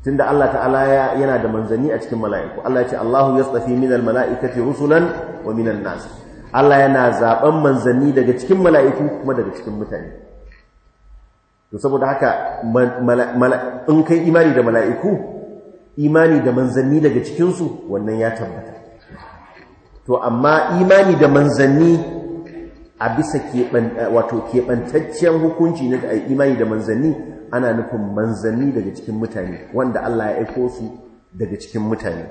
tunda Allah ta'ala yana da manzanni a cikin mala'iku Allah ya ce Allahu tsafi minal mala'ikati rusulan wa minan nasu. Allah yana zaɓen manzanni daga cikin mala'iku kuma daga cikin mutane to saboda haka in kai imani da mala'iku imani da manzanni daga cikinsu wannan ya tabbata to amma imani da manzanni a bisa eh, wato keɓantaccen hukunci na eh, imani da manzanni ana nufin manzanni daga cikin mutane wanda Allah ya aiko su daga cikin mutane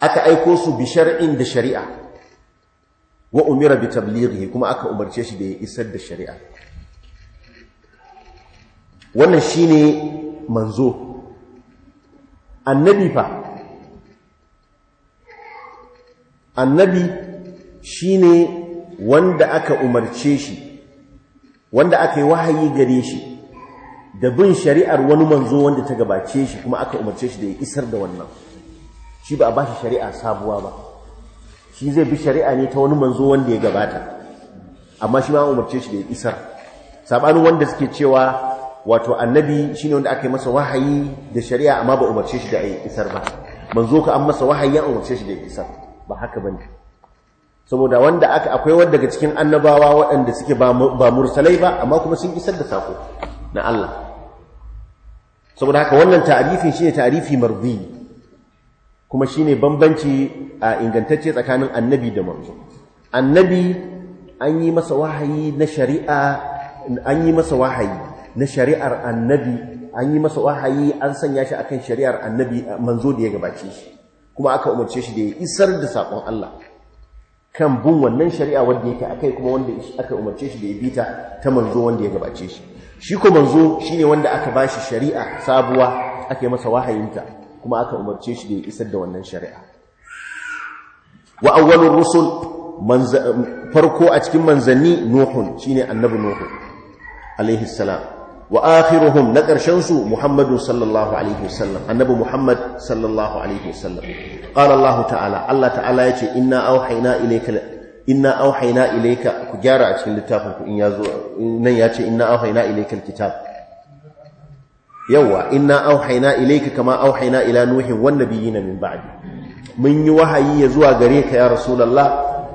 aka aiko su bi shari'in da shari'a wa umira bi tablighi kuma aka umarce shi da ya isar da shari'a wannan shine manzo annabi fa annabi shine wanda aka umarce shi wanda aka yi wahayi gare shi da bin shari'ar wani manzo wanda ta gabace shi kuma aka umarce shi da ya isar da wannan shi ba a ba shi shari'a sabuwa ba shi zai bi shari'a ne ta wani manzo wanda ya gabata amma shi ma umarce shi da ya isar sabanin wanda suke cewa wato annabi shi ne wanda aka yi masa wahayi da shari'a amma ba umarce shi da ya isar ba manzo ka an masa wahayi an umarce shi da ya isar ba haka bane saboda wanda aka akwai wanda daga cikin annabawa waɗanda suke ba mursalai ba amma kuma sun isar da sako na Allah saboda haka wannan ta'arifin shine ta'arifi marzi kuma shine bambanci a ingantacce tsakanin annabi da manzo annabi an yi masa wahayi na shari'a an yi masa wahayi na shari'ar annabi an yi masa wahayi an sanya shi akan shari'ar annabi manzo da ya gabace shi kuma aka umarce shi da ya isar da sakon Allah kan bin wannan shari'a wanda yake akai kuma wanda aka umarce shi da ya bita ta manzo wanda ya gabace shi shi ko manzo ne wanda aka bashi shari'a sabuwa ake masa wahayinta kuma aka umarce shi da ya isar da wannan shari'a wa rusul farko a cikin manzanni nuhun shine annabi nuhu alaihi salam wa akhiruhum na ƙarshen su Muhammadu sallallahu alaihi wasallam annabi Muhammad sallallahu alaihi wasallam qala Allah ta'ala Allah ta'ala yace inna auhayna ilayka inna auhayna ilayka ku gyara a cikin littafin ku in yazo nan yace inna auhayna ilayka alkitab yawa inna auhayna ilayka kama auhayna ila nuhin wan nabiyina min ba'di mun yi wahayi ya zuwa gare ka ya rasulullah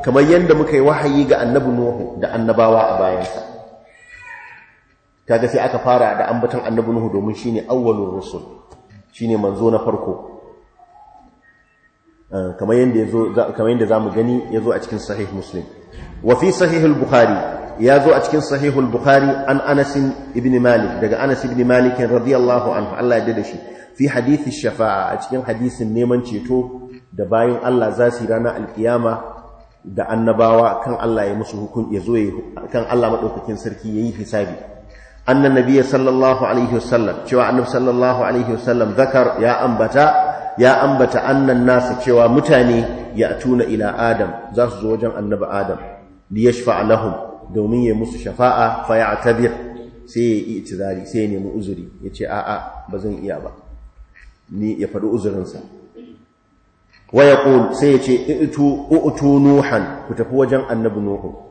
kamar yanda muka yi wahayi ga annabi nuhu da annabawa a bayansa ga sai aka fara da ambatan annabi nuhu domin shine awwalur rusul ne manzo na farko ah, kamar yadda za mu gani ya zo a cikin sahih muslim wa fi sahih al a cikin sahihul bukhari an Anasin ibn malik daga anas ibn malik radiyallahu anhu Allah ya dade shi fi hadithi shafaa a cikin hadisin neman ceto da bayan Allah za su rana alkiyama da annabawa kan Allah ya musu hukun ya zo kan Allah madaukakin sarki yayi hisabi أن النبي صلى الله عليه وسلم شوى أنه صلى الله عليه وسلم ذكر يا أنبتا يا أنبت أن الناس شوى متاني يأتون إلى آدم ذات زوجا النبى آدم ليشفع لهم دومية مس شفاء فيعتذر sai itizari sai ya nemi uzuri ya ce a'a ba zan iya ba ni ya faɗi uzurinsa waya ƙul sai ya ce i'tu nuhan ku tafi wajen annabi nuhu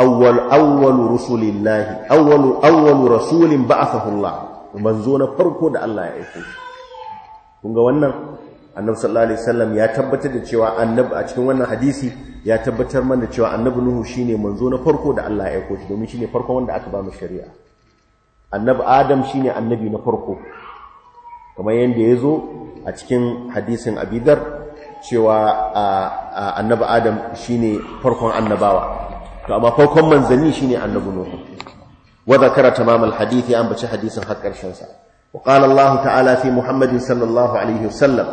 awwal awwal rusulillahi awwal awwal rasulin ba'athahu Allah manzo na farko da Allah ya aika kun ga wannan annabi sallallahu alaihi wasallam ya tabbatar da cewa annabi a cikin wannan hadisi ya tabbatar mana cewa annabi nuhu shine manzo na farko da Allah ya aika domin shine farko wanda aka ba mu shari'a annabi adam shine annabi na farko kamar yanda yazo a cikin hadisin abidar cewa annabi adam shine farkon annabawa to amma farkon manzanni shine annabi nuhu wa zakara tamamul hadith ya ambaci hadisin har karshen sa wa qala allah ta'ala fi muhammadin sallallahu alaihi wasallam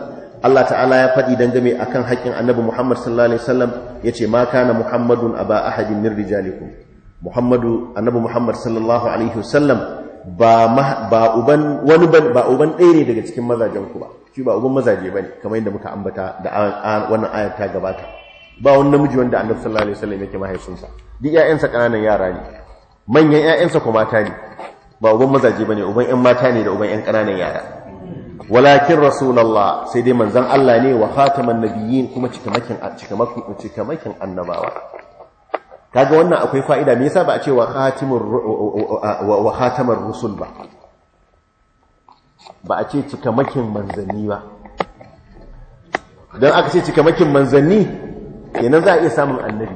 allah ta'ala ya fadi dangame akan haƙin annabi muhammad sallallahu alaihi wasallam yace ma kana muhammadun aba ahadin min rijalikum muhammadu annabi muhammad sallallahu alaihi wasallam ba ba uban wani ba uban ɗaya ne daga cikin mazajen ku ba shi ba uban mazaje bane kamar yadda muka ambata da wannan ayar ta gabata ba wani namiji wanda annabi sallallahu alaihi wasallam yake mahaifinsa duk ƴaƴansa ƙananan yara ne manyan ƴaƴansa kuma mata ne ba uban mazaje bane uban ƴan mata ne da uban ƴan ƙananan yara walakin rasulullah sai dai manzon Allah ne wa khataman nabiyyin kuma cikamakin cikamakin cikamakin annabawa kaga wannan akwai fa'ida me yasa ba a ce wa khatimur wa khatamar rusul ba ba a ce cikamakin manzanni ba don aka ce cikamakin manzanni kenan za a iya samun annabi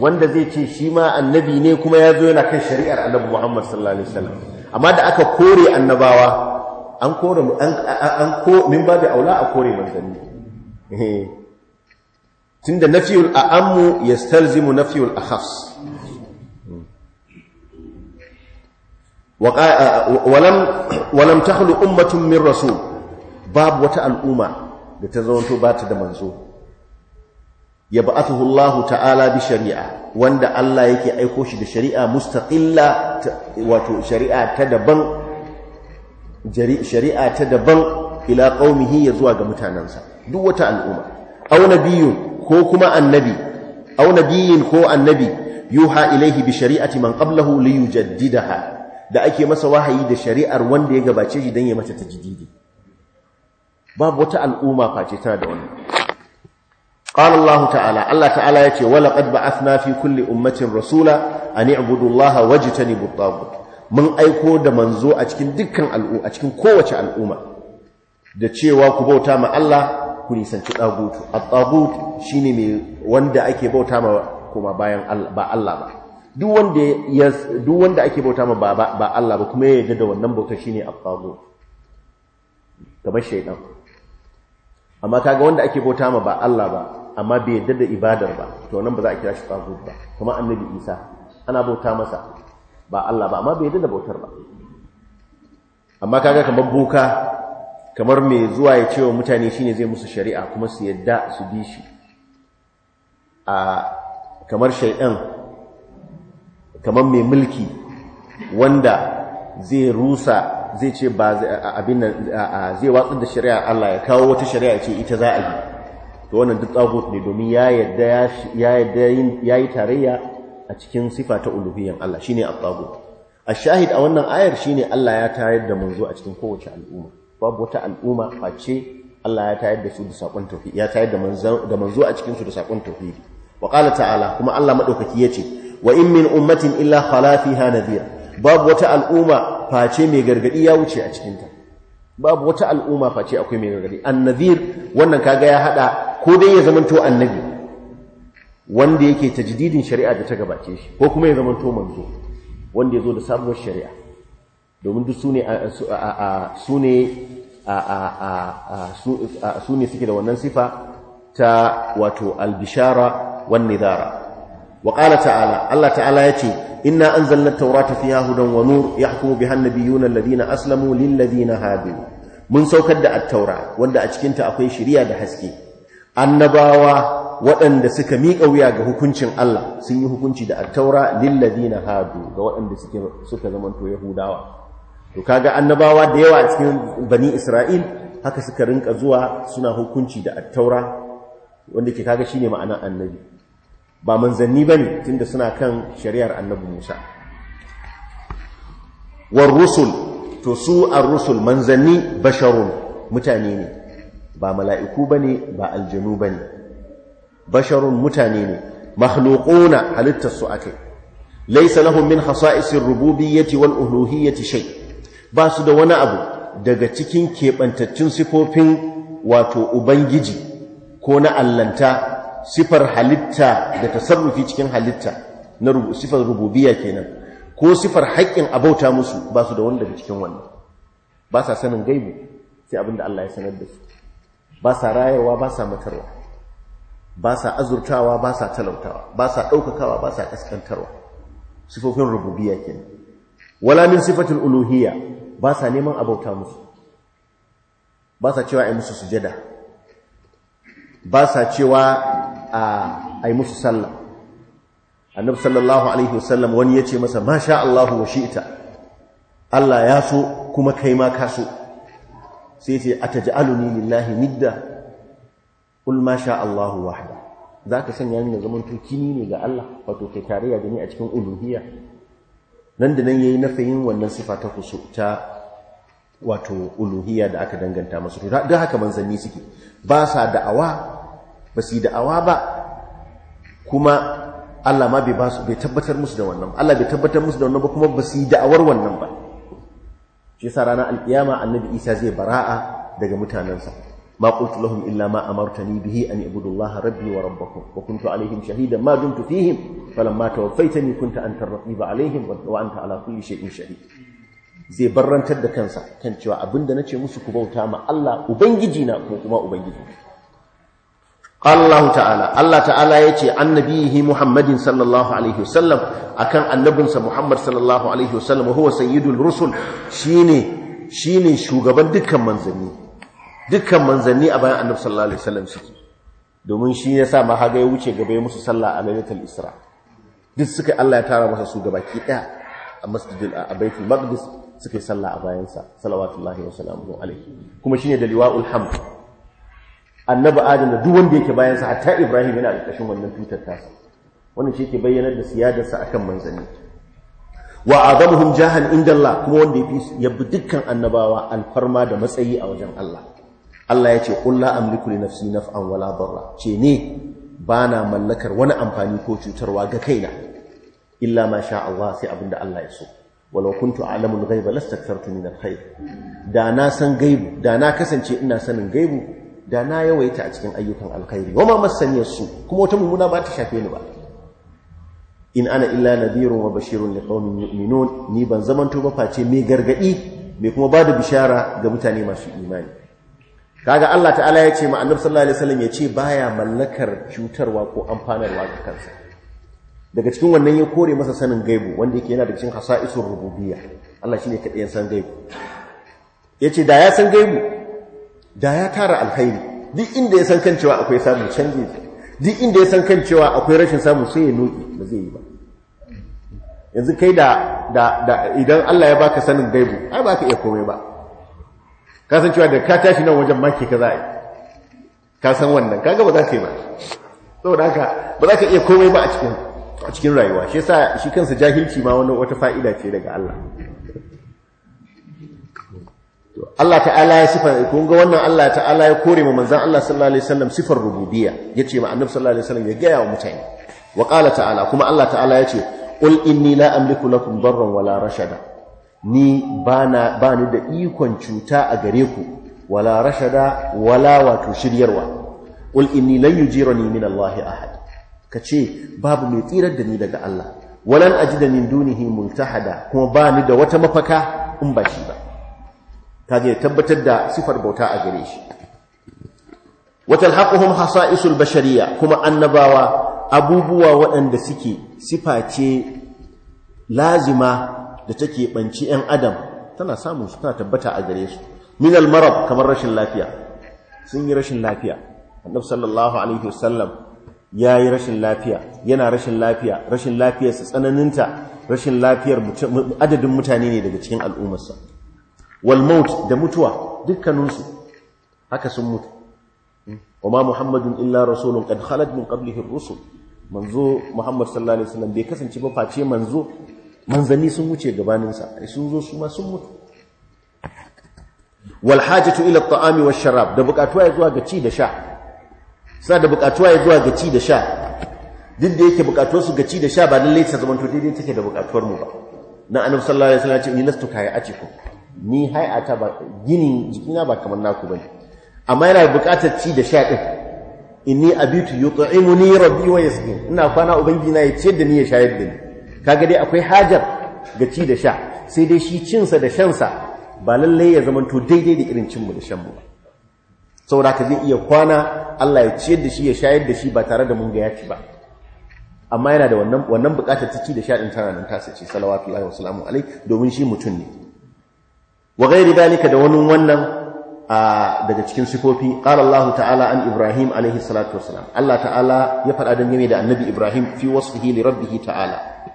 wanda zai ce shi ma annabi ne kuma ya zo yana kan shari'ar annabi Muhammad sallallahu alaihi wasallam amma da aka kore annabawa an kore an ko min da aula a kore manzanni eh. tunda nafiyul a'ammu yastalzimu nafiyul akhas ولم ولم تخلو ummatun min rasu babu wata al'umma da ta zaunto ba ta da manzo yab'athuhu Allah ta'ala bi shari'a wanda Allah yake aiko shi da shari'a mustaqilla wato shari'a ta daban shari'a ta daban ila qaumihi ya zuwa ga mutanansa duk wata al'umma aw nabiyyu ko kuma annabi aw nabiyyin ko annabi yuha ilaihi bi shari'ati man qablahu li yujaddidaha da ake masa wahayi da shari'ar wanda ya gabace shi dan ya mata tajdidi babu wata al'umma face tana da wannan قال الله تعالى الله تعالى يتي ولقد بعثنا في كل أمة رسولا أن يعبدوا الله واجتنبوا الطاغوت من أيكو da manzo a cikin dukkan al'umma a cikin kowace al'umma da cewa ku bauta ma Allah ku nisanci tagut at-tagut shine mai wanda ake bauta ma kuma bayan ba Allah ba duk wanda duk wanda ake bauta ma ba ba Allah ba kuma ya yarda da wannan bauta shine at-tagut kamar shaytan amma kaga wanda ake bauta ma ba Allah ba amma bai yadda da ibadar ba to nan ba za a kira shi tsagut ba kuma annabi isa ana bauta masa ba Allah ba amma bai yadda da bautar ba amma kaga kamar boka kamar mai zuwa ya cewa mutane shine zai musu shari'a kuma su yadda su bi shi a kamar shaidan kamar mai mulki wanda zai rusa zai ce ba zai watsar da shari'a Allah ya kawo wata shari'a ce ita za a yi to wannan duk tsagos ne domin ya yadda ya yi tarayya a cikin sifa ta uluhiyyar Allah shine at tsago a shahid a wannan ayar shine Allah ya tayar da manzo a cikin kowace al'umma babu wata al'umma face Allah ya tayar da su da tauhidi ya tayar da manzo a cikin su da saƙon tauhidi wa qala ta'ala kuma Allah madaukaki yace wa in min ummatin illa khala fiha nadhir babu wata al'umma face mai gargadi ya wuce a cikin ta babu wata al'umma face akwai mai gargadi annazir wannan kaga ya hada ko dai ya zamanto annabi wanda yake tajdidin shari'a da ta gabace shi ko kuma ya zamanto manzo wanda ya zo da sabuwar shari'a domin duk sune sune sune suke da wannan sifa ta wato albishara wan nidara wa qala ta'ala Allah ta'ala yace إنا أنزلنا التوراة فيها هدى bi يحكم بها النبيون Aslamu أسلموا Ladina هادوا mun saukar da attaura wanda a cikinta akwai shiriya da haske annabawa waɗanda suka miƙa wuya ga hukuncin Allah sun yi hukunci da attaura lilladina hadu ga waɗanda suke suka zamanto yahudawa to kaga annabawa da yawa a cikin bani isra'il haka suka rinka zuwa suna hukunci da attaura wanda ke kaga shine ma'anar annabi ba manzanni bane tunda suna kan shari'ar annabi Musa war rusul to su ar-rusul manzanni basharun mutane ne ba mala'iku bane ba aljanu bane basharun mutane ne makhluquna halittar su akai laysa lahum min khasa'isir rububiyyati wal uluhiyyati shay ba su da wani abu daga cikin keɓantaccen sifofin wato ubangiji ko na allanta sifar halitta da tasarrufi cikin halitta na sifar rububiyya kenan ko sifar haƙƙin abauta musu ba su da wanda daga cikin wannan ba sa sanin gaibu sai abin da Allah ya sanar da su ba sa rayuwa ba sa matarwa ba sa azurtawa ba sa talautawa ba sa ɗaukakawa ba sa ƙasƙantarwa sifofin rububiya ke. wala min sifatin uluhiyya ba sa neman abauta musu ba sa cewa ai musu sujada ba sa cewa a ai musu sallah annabi sallallahu alaihi wasallam wani yace masa masha Allah wa shi'ta Allah ya so kuma kai ma ka so sai yace ataj'aluni lillahi nidda qul masha Allah wahda zaka sanya ni zaman to kini ne ga Allah wato kai tarayya da ni a cikin uluhiyya nan da nan yayi nafayin wannan sifa ta kusu ta wato uluhiyya da aka danganta masu to don haka manzanni suke ba sa da'awa ba su da'awa ba kuma Allah ma bai basu bai tabbatar musu da wannan Allah bai tabbatar musu da wannan ba kuma ba su yi da'awar wannan ba shi yasa ranar alkiyama annabi Isa zai bara'a daga mutanansa ma qultu lahum illa ma amartani bihi an ibudu rabbi wa rabbakum wa kuntu alaihim shahida ma dumtu fihim falamma tawaffaytani kunta anta raqiba alaihim wa anta ala kulli shay'in shahid zai barrantar da kansa kan cewa abinda nace musu ku bauta ma Allah ubangiji na ko kuma ubangiji Allah ta'ala Allah ta'ala ya ce annabihi Muhammadin sallallahu alaihi wasallam akan annabinsa Muhammad sallallahu alaihi wasallam huwa sayyidul rusul shine shine shugaban dukkan manzanni dukkan manzanni a bayan annabi sallallahu alaihi wasallam suke domin shi yasa ma haga ya wuce gaba ya musu sallah a lailatul isra duk suka Allah ya tara masa su gabaki daya a masjidil a baitul maqdis suka yi sallah a bayansa salawatullahi wa salamuhu alaihi kuma shine da liwa'ul hamd annabi adam da duk wanda yake sa, hatta ibrahim yana ƙarƙashin wannan tutar tasa wannan shi ke bayyanar da a akan manzanni wa azamuhum jahan inda Allah kuma wanda ya bi dukkan annabawa alfarma da matsayi a wajen Allah Allah ya ce qul la amliku li nafsi naf'an wala darra ce ne bana mallakar wani amfani ko cutarwa ga kaina illa ma sha Allah sai abinda Allah ya so walau kuntu a'lamu al-ghaiba lastakthartu min al-khair da na san gaibu da na kasance ina sanin gaibu da na yawaita a cikin ayyukan alkhairi wa ma masaniyar su kuma wata mummuna ba ta shafe ni ba in ana illa nadirun wa bashirun liqaumin yu'minun ni ban zamanto ba face mai gargadi mai kuma ba da bishara ga mutane masu imani kaga Allah ta'ala ya ce ma annabi sallallahu alaihi ya ce baya mallakar cutarwa ko amfanarwa ga kansa daga cikin wannan ya kore masa sanin gaibu wanda yake yana da cikin hasa'isur rububiyya Allah shine kadai ya san gaibu yace da ya san gaibu da ya kara alkhairi duk inda ya san kan cewa akwai samun canji duk inda ya san kan cewa akwai rashin samun sai ya nuki ba zai yi ba yanzu kai da idan Allah ya baka sanin gaibu ai ba ka iya komai ba ka san cewa da ka tashi nan wajen maki ka za'a ka san wannan kaga ba za ka yi ba saboda haka ba za ka iya komai ba a cikin a cikin rayuwa shi yasa shi kansa jahilci ma wani wata fa'ida ce daga Allah Allah ta'ala ya sifa kun ga wannan Allah ta'ala ya kore mu manzon Allah sallallahu alaihi wasallam sifar rububiyya yace ma annabi sallallahu alaihi wasallam ya gaya wa mutane wa qala ta'ala kuma Allah ta'ala yace qul inni la amliku lakum darran wala rashada ni bana bani da ikon cuta a gare ku wala rashada wala wato shiryarwa qul inni lan yujirani min Allah ahad kace babu mai tsirar da ni daga Allah walan ajidani dunihi multahada kuma bani da wata mafaka in ba shi ba ta ya tabbatar da sifar bauta a gare shi watal haquhum hasa'isul bashariyya kuma annabawa abubuwa waɗanda suke sifa ce lazima da take banci ɗan adam tana samun su tana tabbata a gare su min al marab kamar rashin lafiya sun yi rashin lafiya annabi sallallahu alaihi wasallam ya yi rashin lafiya yana rashin lafiya rashin lafiyarsa tsananinta rashin lafiyar adadin mutane ne daga cikin al'ummarsa walmaut da mutuwa dukkaninsu haka sun mutu wa ma muhammadun illa rasulun qad khalat min qablihi rusul manzo muhammad sallallahu alaihi bai kasance ba face manzo manzanni sun wuce gabaninsa sun zo sun mutu wal hajatu ila at-ta'ami wash-sharab da zuwa ga da sha sa da bukatuwa zuwa gaci da sha duk da yake bukatuwar su gaci da sha ba lalle ta zamanto daidai take da bukatuwar mu ba na annabi sallallahu alaihi wasallam ya ce ni lastu kaya atikum ni hai'ata ba ginin jikina ba kamar naku ba. amma yana buƙatar ci da sha din inni abitu yut'imuni rabbi wa yasqin ina kwana ubangina ya ce da ni ya shayar da ni kaga dai akwai hajar ga ci da sha sai dai shi cinsa da shan sa, ba lallai ya zamanto daidai da irin cinmu da shanmu mu. saboda ka zai iya kwana Allah ya ciyar da shi ya shayar da shi ba tare da mun ga yaci ba amma yana da wannan wannan bukatar ta ci da sha din tana nan ta sace salawatu alaihi salamu alaihi domin shi mutum ne wa ghairi da wani wannan daga cikin sifofi qala Allah ta'ala an Ibrahim alaihi salatu wassalam Allah ta'ala ya faɗa dangane da annabi Ibrahim fi wasfihi li rabbih ta'ala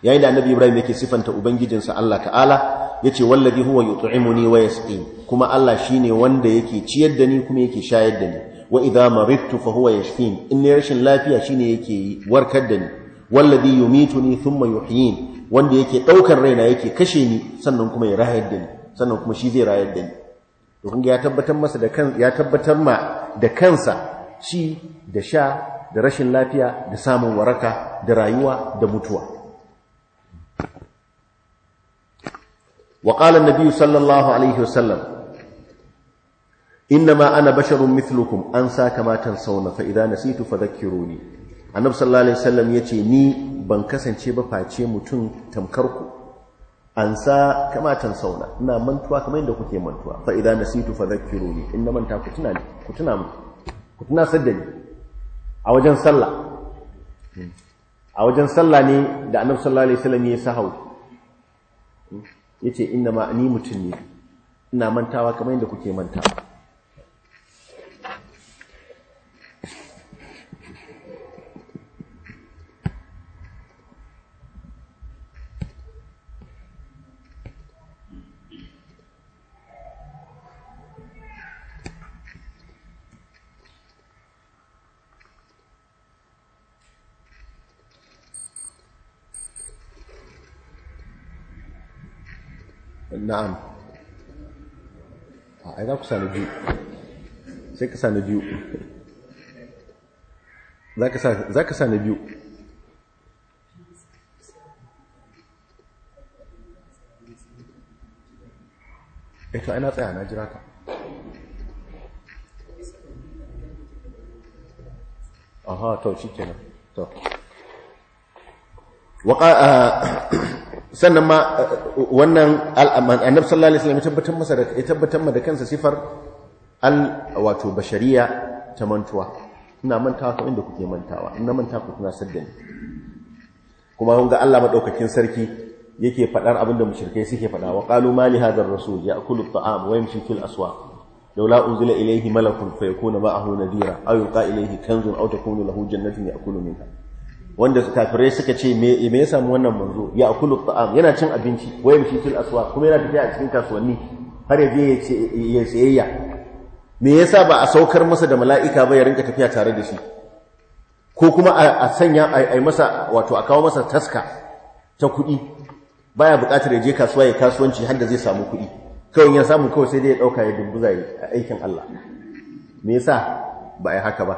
yayin da annabi Ibrahim yake sifanta ubangijinsa Allah ta'ala yace wallazi huwa yut'imuni wa yasqin kuma Allah shine wanda yake ciyar da ni kuma yake shayar da ni wa idha maridtu fa huwa yashfin in ni rashin lafiya shine yake warkar da ni wallazi yumituni thumma yuhyin wanda yake ɗaukar raina yake kashe ni sannan kuma ya rayar da ni sannan kuma shi zai rayar da ni to kun ya tabbatar masa da kan ya tabbatar ma da kansa shi da sha da rashin lafiya da samun waraka da rayuwa da mutuwa wa qala an-nabi sallallahu alaihi wasallam ma ana basharun mithlukum an sa kamatan sauna fa idza nasitu fadhakkiruni annabi sallallahu alaihi wasallam yace ni ban kasance ba face mutum tamkar ku an sa kamatan sauna ina mantuwa kamar yadda kuke mantuwa fa idan nasitu fadhakkiruni in na manta ku tuna ku tuna mu ku tuna sadda ni a wajen sallah a wajen sallah ne da annabi sallallahu alaihi wasallam ya sahau yace inna ma ni mutum ne ina mantawa kamar yadda kuke mantawa na'am a ah, ai za ku sani biyu sai ka sani biyu za ka sani biyu eh, ita ina tsaya na jira ka aha to shi kenan to Ah, [COUGHS] sannan ma eh, wannan annab sallallahu alaihi wasallam tabbatar masa da tabbatar ma da kansa sifar al wato bashariya ta mantuwa ina mantawa kamar inda kuke mantawa ina mantawa ku kuna sadda ni kuma kun ga Allah madaukakin sarki yake fadar abin da mushrikai suke fada wa qalu ma li hadha ar-rasul ya'kulu at-ta'am wa yamshi fil aswaq laula unzila ilayhi malakun fayakuna ma'ahu nadira aw yulqa ilayhi kanzun aw takunu lahu jannatun ya'kulu minha wanda kafirai suka ce me ya samu wannan manzo ya akulu ta'am yana cin abinci wa yamshi fil aswaq kuma yana tafiya a cikin kasuwanni har yaje ya ce ya tsayayya me yasa ba a saukar masa da mala'ika ba ya rinka tafiya tare da shi ko kuma a sanya a masa wato a kawo masa taska ta kuɗi baya buƙatar ya je kasuwa ya kasuwanci har da zai samu kuɗi kawai ya samu kawai sai dai ya ɗauka ya dumbuza a aikin Allah me yasa ba ai haka ba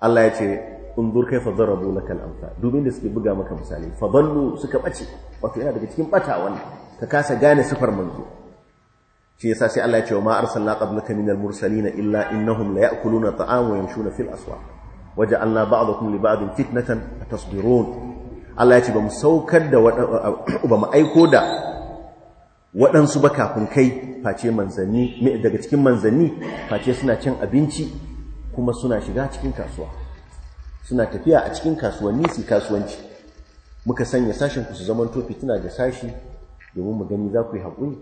Allah ya ce unzur kaifa darabu lakal amsa dubin da suke buga maka misali fa dallu suka bace wato yana daga cikin bata wannan ka kasa gane sifar manzo shi yasa sai Allah ya ce ma arsalna qablaka minal mursalin illa innahum la ya'kuluna ta'am wa yamshuna fil aswaq waja'alna ba'dakum li ba'din fitnatan atasbirun Allah ya ce ba mu saukar da [CLEARS THROAT] ba mu aiko da waɗansu ba kafin kai face manzanni daga cikin manzanni face suna cin abinci kuma suna shiga cikin kasuwa suna tafiya a cikin kasuwanni su kasuwanci muka sanya sashen ku su zaman tofi tuna da sashi domin mu gani za ku yi haƙuri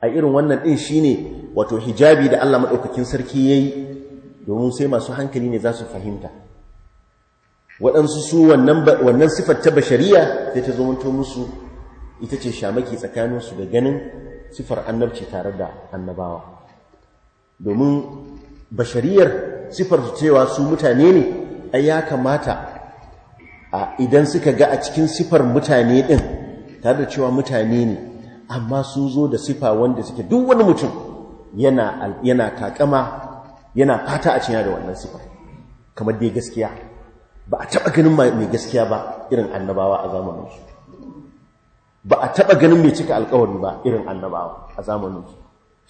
a irin wannan ɗin shine wato hijabi da Allah maɗaukakin sarki ya yi domin sai masu hankali ne za su fahimta waɗansu su wannan siffar ta bashariya sai ta zamanto musu ita ce shamaki tsakaninsu da ganin siffar annabci tare da annabawa domin bashariyar siffar cewa su mutane ne ya kamata a idan suka ga a cikin sifar mutane din tare da cewa mutane ne amma sun zo da sifa wanda suke duk wani mutum yana yana takama yana fata a cinya da wannan sifar kamar dai gaskiya ba a taba ganin mai gaskiya ba irin annabawa a zamanin su ba a taba ganin mai cika alkawari ba irin annabawa a zamanin su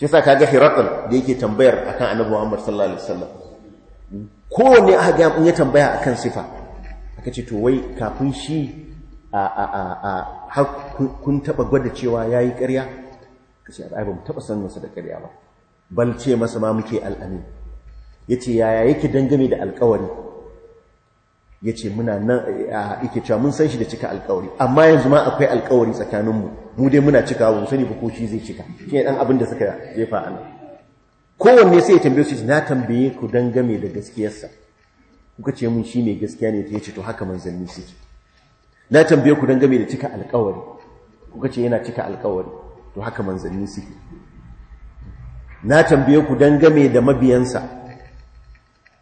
shi yasa kaga Hirakul da yake tambayar akan Annabi Muhammad sallallahu alaihi wasallam kowane aka ga in ya tambaya kan sifa aka ce to wai kafin shi a kun taba gwada cewa ya yi karya. ka ce ba mu taba san masa da karya ba bal ce masa ma muke al'ani yace yaya yake dangane da alƙawari yace muna nan yake cewa mun san shi da cika alkawari amma yanzu ma akwai alkawari tsakaninmu mu dai muna cikawa mu sani ba ko shi zai cika shi dan abin da suka jefa nan? kowanne sai ya tambaye su na tambaye ku don game da gaskiyarsa kuka ce mun shi mai gaskiya ne ta ce to haka manzanni suke na tambaye ku don game da cika alkawari kuka ce yana cika alkawari to haka manzanni suke na tambaye ku don game da mabiyansa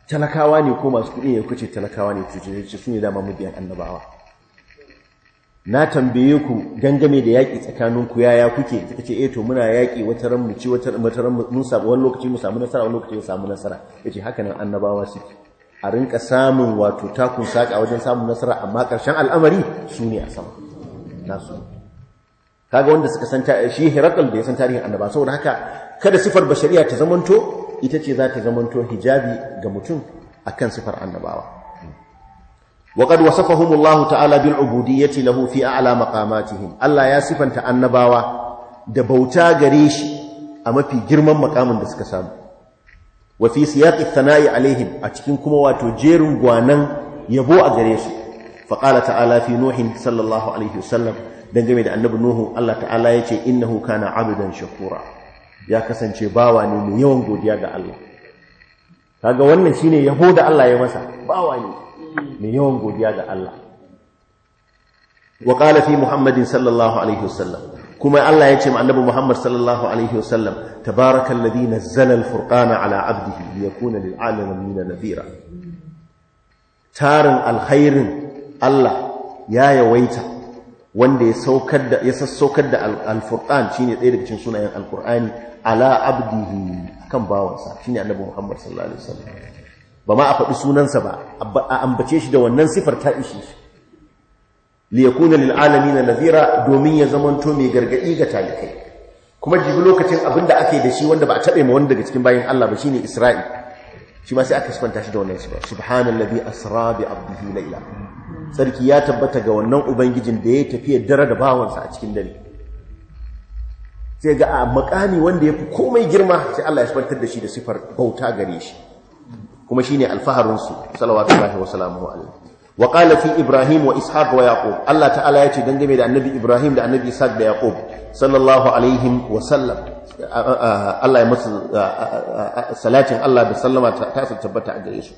talakawa ne ko masu kuɗi ne kuka ce talakawa ne to ce su ne dama mabiyan annabawa na tambaye ku gangame da yaƙi tsakaninku yaya kuke suka ce eto eh muna yaƙi wata ran mu ci wata ran mun samu wani lokaci mu samu nasara wani lokaci mu samu nasara yace haka nan annabawa su a rinka samun wato takun saka wajen samun nasara amma ƙarshen al'amari su ne a sama nasu kaga wanda suka san shi Herakl da ya san tarihin annaba saboda haka kada sifar bashariya ta zamanto ita ce za ta zamanto hijabi ga mutum akan sifar annabawa وقد وصفهم الله تعالى بالعبودية له في أعلى مقاماتهم Allah ya sifanta annabawa da bauta gare shi a mafi girman makamin da suka samu wa fi siyaqi thana'i alaihim a cikin kuma wato jerin gwanan yabo a gare su fa ta'ala fi nuhin sallallahu alaihi wasallam game da annabi nuhu Allah ta'ala ce innahu kana abudan shakura ya kasance bawa ne mai yawan godiya ga Allah kaga wannan shine yabo da Allah ya masa bawa ne mai yawan godiya ga Allah wa qala fi muhammadin sallallahu alaihi wasallam kuma Allah ya ce ma annabi muhammad sallallahu alaihi wasallam tabarakal nazzala al-furqana ala abdihi liyakuna lil alamin nadhira tarin alkhairin Allah ya yawaita wanda ya saukar da ya sassaukar da al-furqan shine ɗaya daga cikin sunayen al-qur'ani ala abdihi kan bawansa shine annabi muhammad sallallahu alaihi wasallam ba ma a faɗi sunansa ba a ambace shi da wannan sifar ta ishe shi li yakuna lil alamin nazira domin ya zamanto mai gargadi ga talikai kuma jibi lokacin abinda ake da shi wanda ba a tabe ma wanda daga cikin bayin Allah ba shine Isra'i shi ma sai aka sifanta shi da wannan sifar subhanallazi asra bi abdihi layla sarki ya tabbata ga wannan ubangijin da ya tafiya dare da bawansa a cikin dare sai ga a makami wanda ya fi komai girma sai Allah ya sifantar da shi da sifar bauta gare shi kuma shine alfaharun su sallallahu wa sallamu alaihi wa qala fi ibrahim wa ishaq wa yaqub Allah ta'ala ya ce dangane da annabi ibrahim da annabi ishaq da yaqub sallallahu alaihim wa sallam Allah ya musu salatin Allah da sallama ta tabbata a gare su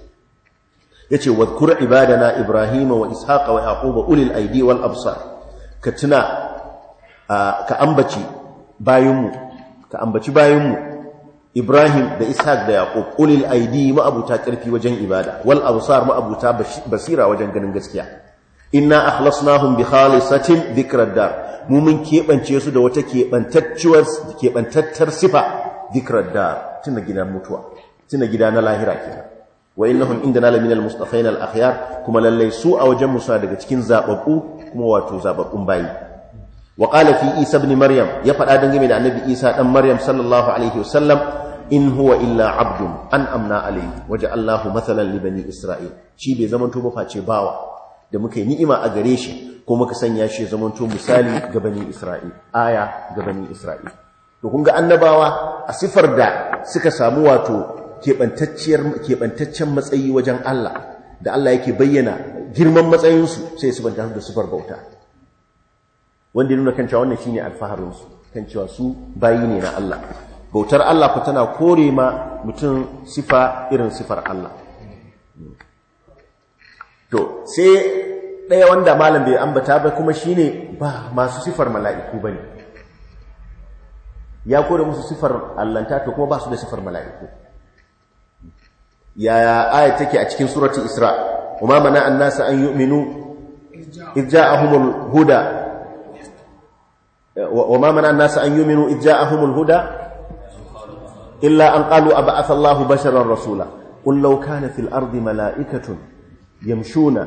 yace wadhkur ibadana ibrahim wa ishaq wa yaqub ulil aidi wal absar ka tuna ka ambaci bayinmu ka ambaci bayinmu Ibrahim da Ishaq da Yaqub ulil aidi ma'abuta karfi wajen ibada wal absar ma'abuta basira wajen ganin gaskiya inna akhlasnahum bi khalisatin dhikrad dar mu mun kebance su da wata kebantacciyar kebantattar sifa dhikrad dar tuna gida mutuwa tuna gida na lahira kenan wa innahum indana laminal mustafain al akhyar kuma lallai su a wajen musa daga cikin zababbu kuma wato zababbun bayi wa qala isa ibn maryam ya fada dangane da annabi isa dan maryam sallallahu alaihi wasallam in huwa illa abdun an amna alayhi waje Allahu mathalan li bani Isra'il shi bai zamanto ba face bawa da muka yi ni'ima a gare shi ko muka sanya shi zamanto misali ga bani Isra'il aya ga bani Isra'il to kun ga annabawa a sifar da suka samu wato keɓantaccen matsayi wajen Allah da Allah yake bayyana girman matsayinsu sai su banta da sifar bauta wanda nuna kan cewa wannan shine alfaharinsu kan cewa su bayi ne na Allah bautar Allah ku tana kore ma mutum sifa irin sifar Allah to sai ɗaya wanda malam bai ambata ba kuma shi ne ba masu sifar mala'iku ba ne, ya kore musu sifar allahnta to kuma ba su da sifar mala'iku yaya aya take a cikin surati isra umma mana nasa an yu'minu idja'ahumul huda وما منع الناس أن يؤمنوا إذ huda illa an ƙalo qalu ab'atha Allahu basharan rasula qul law kana fil ardi mala'ikatun yamshuna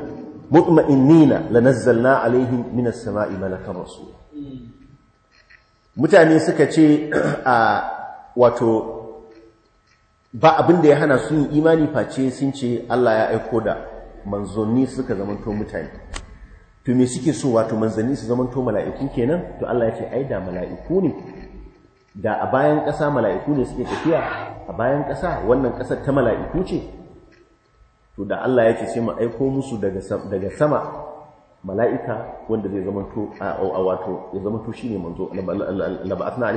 mutma'innina lanazzalna alaihim minas sama'i malakan rasula mutane suka ce a wato ba abin da ya hana su yin imani face sun ce Allah ya aiko da ni suka zamanto mutane to me suke so wato manzanni su zamanto mala'iku kenan to Allah ya ce ai da mala'iku ne da a bayan ƙasa mala'iku ne suke tafiya a bayan ƙasa wannan ƙasar ta mala'iku ce to da Allah ya ce sai mu aiko musu daga sama mala'ika wanda zai zama to a wato ya zama to shine manzo laba'atna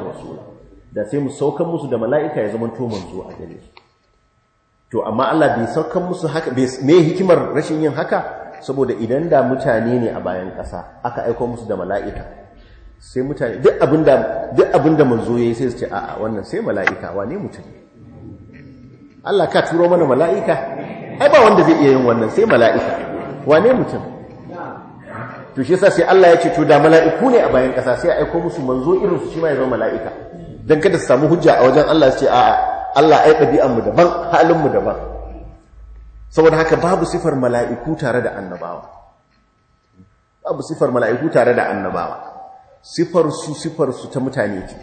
rasula da sai mu saukan musu da mala'ika ya zama manzo a to amma Allah me hikimar rashin yin haka saboda idan da mutane ne a bayan ƙasa aka aiko musu da mala'ika sai mutane duk abin da manzo ya yi sai su ce a'a wannan sai mala'ika wa ne mutum Allah ka turo mana mala'ika ai ba wanda zai iya yin wannan sai mala'ika wa ne mutum to shi sai Allah ya ce to da mala'iku ne a bayan ƙasa sai aiko musu manzo irin su shi ma ya zama mala'ika Don kada su samu hujja a wajen Allah su ce a'a Allah ai ɗabi'anmu mu daban halin mu daban saboda haka babu sifar mala'iku tare da annabawa babu sifar mala'iku tare da annabawa sifar su sifar su ta mutane ce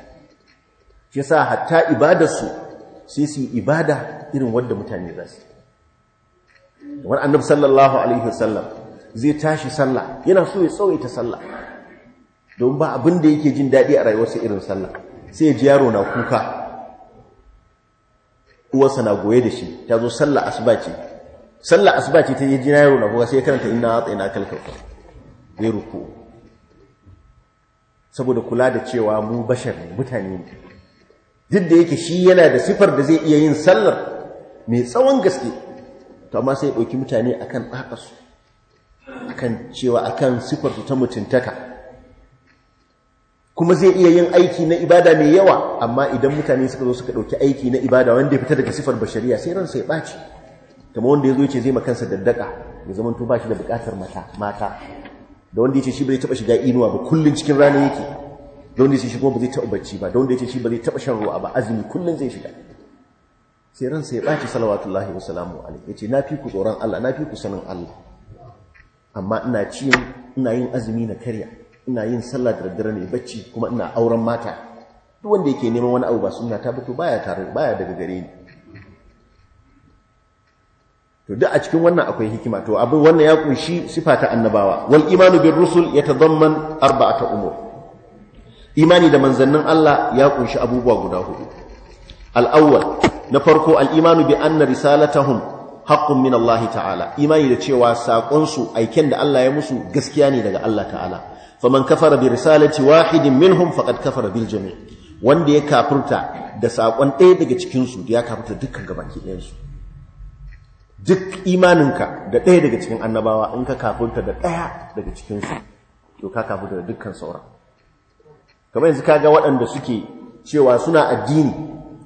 ke sa hatta ibada su sai su ibada irin wanda mutane za su wani annabi sallallahu alaihi wasallam zai tashi sallah yana so ya ta sallah don ba abin da yake jin daɗi a rayuwarsa irin sallah sai ya ji yaro na kuka uwarsa na goye da shi ta zo sallah asuba ce sallar asuba ce ta yi jina yaro na kuwa sai karanta ina na atsaina kalkalfa zai ruku saboda kula da cewa mu bashar ne mutane ne duk da yake shi yana da sifar da zai iya yin sallar mai tsawon gaske to amma sai ya ɗauki mutane akan ɗaƙasu akan cewa akan sifarsu ta mutuntaka kuma zai iya yin aiki na ibada mai yawa amma idan mutane suka zo suka ɗauki aiki na ibada wanda ya fita daga sifar bashariya sai ransa ya ɓaci kamar wanda ya zo ce zai makansa daddaka ya zama to ba shi da bukatar mata da wanda ya ce shi ba zai taba shiga inuwa ba kullum cikin rana yake da wanda ya ce shi kuma ba zai taba bacci ba da wanda ya ce shi ba zai taba shan ruwa ba azumi kullum zai shiga sai ransa ya ɓaci salawatullahi wa salamu alaihi ya ce na fi ku tsoron Allah na fi ku sanin Allah amma ina ci ina yin azumi na karya ina yin sallah da daddare ne bacci kuma ina auren mata duk wanda yake neman wani abu ba sunna ta ba to baya tare baya daga gare ni to duk a cikin wannan akwai hikima to abin wannan ya kunshi sifa ta annabawa wal imanu bir rusul yatadamman arba'ata umur imani da manzannin Allah ya kunshi abubuwa guda hudu al awwal na farko al imanu bi anna risalatahum haqqun min Allah ta'ala imani da cewa sakon su aiken da Allah ya musu gaskiya ne daga Allah ta'ala faman kafara bi risalati wahidin minhum faqad kafara bil jami' wanda ya kafurta da sakon ɗaya daga cikin su ya kafirta dukkan gabaki ɗayan su duk imaninka da ɗaya daga cikin annabawa in ka kafinta da ɗaya daga cikinsu to ka kafinta da dukkan sauran kamar yanzu ka ga waɗanda suke cewa suna addini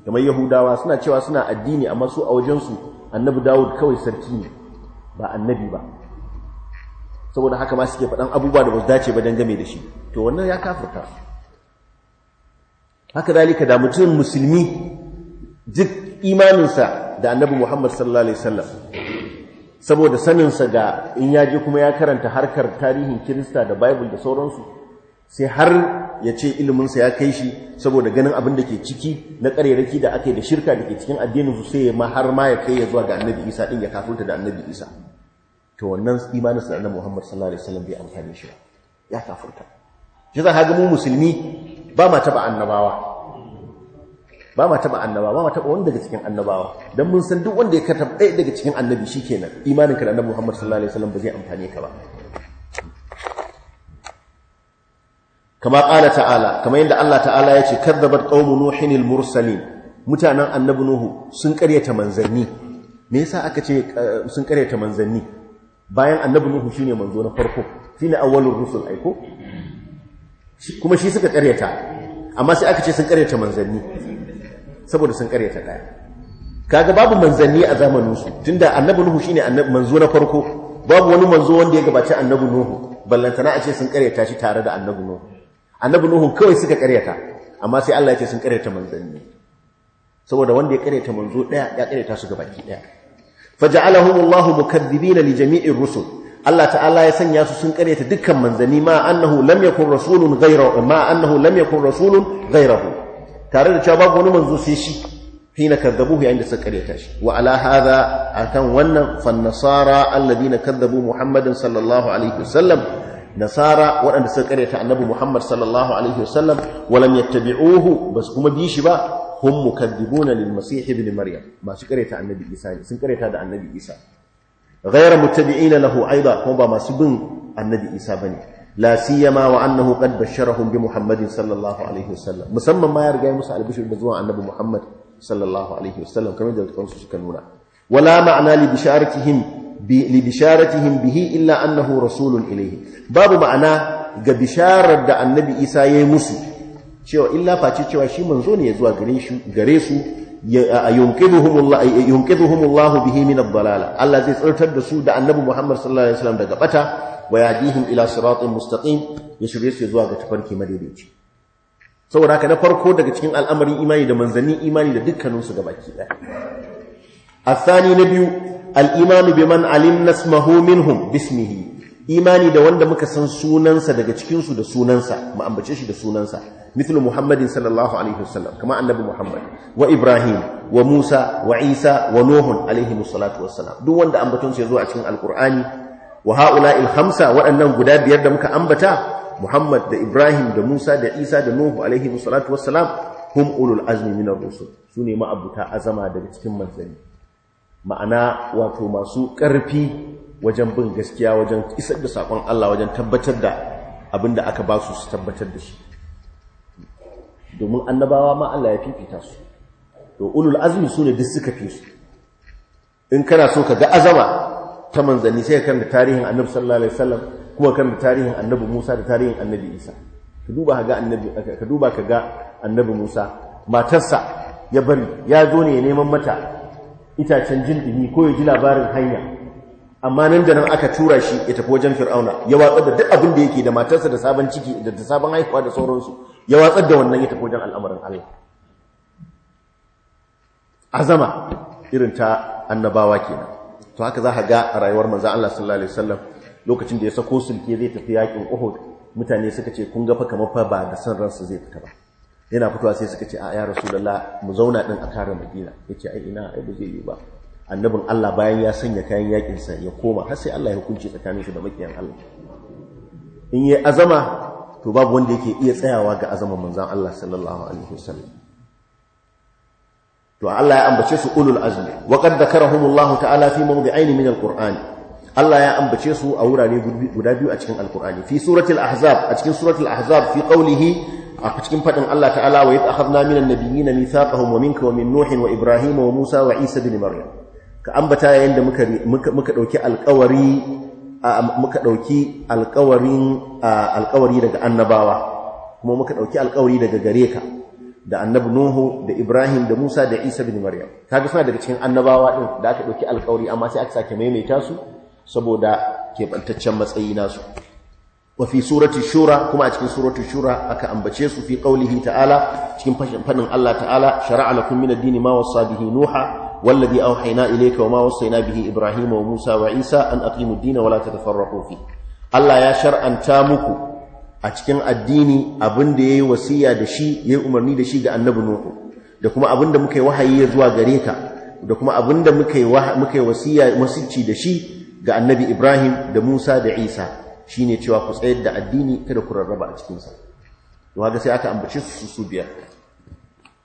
kamar yahudawa suna cewa suna addini amma su a wajensu annabi dawud kawai sarki ne ba annabi ba saboda haka ma suke faɗan abubuwa da ba su dace ba dangane da shi to wannan ya kafirta haka zalika da mutum musulmi duk imaninsa da annabi Muhammad sallallahu alaihi wasallam saboda saninsa ga in ya kuma ya karanta harkar tarihin Kirista da Bible da sauransu sai har ya ce iliminsa ya kai shi saboda ganin abin da ke ciki na raki da aka yi da shirka da ke cikin addinin su sai ma har ma ya kai ya zuwa ga annabi Isa din ya kafurta da annabi Isa to wannan imanin sa annabi Muhammad sallallahu alaihi wasallam bai amfane shi ya kafurta shi za ga mu musulmi ba ma taba annabawa ba ma taba annaba ba ma taba wanda daga cikin annabawa dan mun san duk wanda ya karta ɗaya daga cikin annabi shikenan imaninka da annabi Muhammad sallallahu alaihi wasallam ba zai amfane ka ba kama ƙala ta'ala kama yadda Allah ta'ala ya ce kadzabat qaumu nuhin al-mursalin mutanen annabi nuhu sun ƙaryata manzanni me yasa aka ce eh, sun ƙaryata manzanni bayan annabi nuhu shine manzo na farko shine awwalur rusul aiko kuma shi suka ƙaryata amma sai aka ce sun ƙaryata manzanni saboda sun karyata daya kaga babu manzanni a zamanin su tunda annabi nuhu shine annabi manzo na farko babu wani manzo wanda ya gabaci annabi nuhu ballantana a ce sun karyata shi tare da annabi nuhu annabi nuhu kawai suka karyata amma sai Allah ya ce sun karyata manzanni saboda wanda ya karyata manzo daya ya karyata su gabaki daya faja'alahumullahu mukaththibina li jami'ir rusul Allah ta'ala ya sanya su sun karyata dukkan manzanni ma annahu lam yakun rasulun ghayra ma annahu lam yakun rasulun ghayrahu tare da cewa babu wani manzo sai shi hina kadzabuhu yayin da suka karyata shi wa ala hadha akan wannan fan nasara alladina kadzabu muhammadan sallallahu alaihi wasallam nasara waɗanda suka karyata annabi muhammad sallallahu alaihi wasallam walam yattabi'uhu bas kuma bi shi ba hum mukaddibuna lil masih ibn maryam masu karyata annabi isa ne sun karyata da annabi isa ghayra muttabi'ina lahu aidan kuma ba masu bin annabi isa bane la siyama wa annahu qad basharahum bi muhammadin sallallahu alaihi wasallam musamman ma ya riga musu albishir da zuwa annabi muhammad sallallahu alaihi wasallam kamar da su suka nuna wala ma'ana li bisharatihim li bisharatihim bihi illa annahu rasulun ilayhi babu ma'ana ga bisharar da annabi isa ya yi musu cewa illa face cewa shi manzo ne ya zuwa gare su yunqidhuhumullahu bihi min ad-dalala Allah zai tsirtar da su da Annabi Muhammad sallallahu alaihi wasallam daga bata wa yahdihim ila siratin mustaqim ya shirya su zuwa ga tafarki madaidaici saboda haka na farko daga cikin al'amarin imani da manzanni imani da dukkanin su gabaki daya athani na biyu al-imanu biman alimna ismahu minhum bismihi imani da wanda muka san sunansa daga cikinsu da sunansa mu ambace shi da sunansa mithlu muhammadin sallallahu alaihi wasallam kama annabi muhammad wa ibrahim wa musa wa isa wa nuhun alaihi musallatu wassalam duk wanda ambatonsu ya zo a cikin alqur'ani wa haula'il khamsa waɗannan guda biyar da muka ambata muhammad da ibrahim da musa da isa da nuhu alaihi musallatu wassalam hum ulul azmi minar rusul sune ma'abuta azama daga cikin manzanni ma'ana wato masu ƙarfi wajen bin gaskiya wajen isar da sakon Allah wajen tabbatar da abin da aka ba su su tabbatar da shi domin annabawa ma Allah ya fifita su to ulul azmi sune duk suka fi su in kana so ka ga azama ta manzanni sai ka karanta tarihin annabi sallallahu alaihi wasallam kuma karanta tarihin annabi Musa da tarihin annabi Isa ka duba ka ga annabi ka duba ka ga annabi Musa matarsa ya bari ya zo ne neman mata itacen jin ko ya ji labarin hanya amma nan da nan aka tura shi ya tafi wajen fir'auna ya watsar da duk abin da yake da matarsa da sabon ciki da sabon haihuwa da sauransu ya watsar da wannan ya tafi wajen al'amarin Allah azama irin ta annabawa kenan to haka za ka ga a rayuwar manzon Allah sallallahu alaihi wasallam lokacin da ya sako sulke zai tafi yakin Uhud mutane suka ce kun ga fa kamar fa ba da san ransa zai fita ba yana fitowa sai suka ce a ya rasulullah mu zauna din a kare Madina yace ai ina ai ba zai yi ba annabin Allah bayan ya sanya kayan yakinsa ya koma har sai Allah ya hukunci tsakanin shi da makiyan Allah in yi azama to babu wanda yake iya tsayawa ga azaman manzan Allah sallallahu alaihi wasallam to Allah ya ambace su ulul azmi wa qad dhakarahumullahu ta'ala fi mawdi'ain min alquran Allah ya ambace su a wurare guda biyu a cikin alqurani fi suratul ahzab a cikin suratul ahzab fi qawlihi a cikin faɗin Allah ta'ala wa yi ta akhadna minan nabiyina mithaqahum wa minka wa min nuhin wa ibrahim wa musa wa isa bin maryam ka ambata yayin da muka ɗauki alƙawari muka alƙawarin alƙawari daga annabawa kuma muka ɗauki alƙawari daga gare ka da annabi Nuhu da Ibrahim da Musa da Isa bin Maryam kaga suna daga cikin annabawa din da aka ɗauki alƙawari. amma sai aka sake maimaita su saboda keɓantaccen matsayi nasu wa fi surati shura kuma a cikin surati shura aka ambace su fi qaulihi ta'ala cikin fadin Allah ta'ala shara'a lakum min ad-dini ma wasa bihi nuha والذي أوحينا إليك وما وصينا به إبراهيم وموسى وعيسى أن أقيموا الدين ولا تتفرقوا فيه الله يا شرعا تامكو أتكن الدين أبن دي وسيا دشي يأمرني دشي دأن النبي دكما أبن kuma وحي يزوى muka yi wahayi zuwa gare ka da kuma abin da muka yi wasici da shi ga annabi Ibrahim da Musa da Isa shine cewa ku tsayar da addini kada ku rarraba a cikinsa to haka sai aka ambace su su biya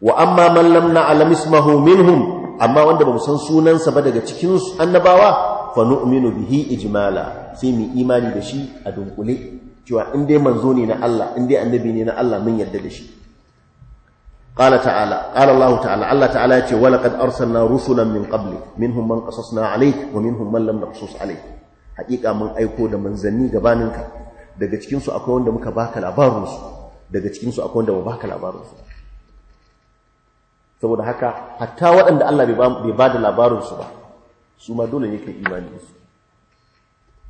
wa amma man lam na'lam ismahu minhum amma wanda ba mu san sunansa ba daga cikin annabawa fa nu'minu bihi ijmala sai mu imani da shi a dunkule cewa in dai manzo ne na Allah in dai annabi ne na Allah mun yarda da shi qala ta'ala qala Allah ta'ala Allah ta'ala ya ce wa laqad arsalna rusulan min qabli minhum man qasasna alayk wa minhum man lam naqsus alayk haqiqa mun aiko da manzanni gabaninka daga cikin su akwai wanda muka baka labarin su daga cikin su akwai wanda ba baka labarin su saboda haka hatta waɗanda Allah bai ba da labarinsu ba su ma dole ne ka imani da su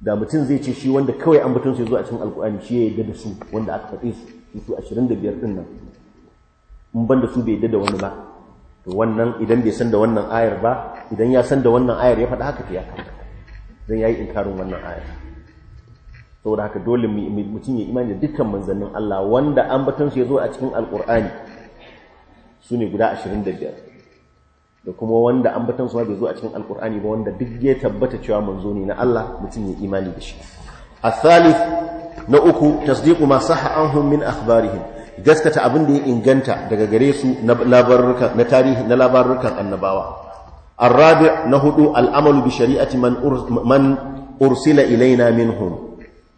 da mutum zai ce shi wanda kawai an mutum sai zo a cikin alkur'ani shi ya yadda da su wanda aka faɗi su su 25 ɗin nan in ban da su bai yadda da wani ba to wannan idan bai san da wannan ayar ba idan ya san da wannan ayar ya faɗa haka ta ya kama dan yayi inkarin wannan ayar saboda haka dole mutum ya imani da dukkan manzannin Allah wanda an batun sai zo a cikin alkur'ani su ne guda 25 da kuma wanda ambatan su bai zo a cikin alkur'ani ba wanda duk ya tabbata cewa manzo ne na Allah mutum ya imani da shi الثالث na uku tasdiqu ma sahha min akhbarihim gaskata abin da ya inganta daga gare su na labarukan na tarihi na annabawa arabi na hudu al'amalu bi shari'ati man ursila ilaina minhum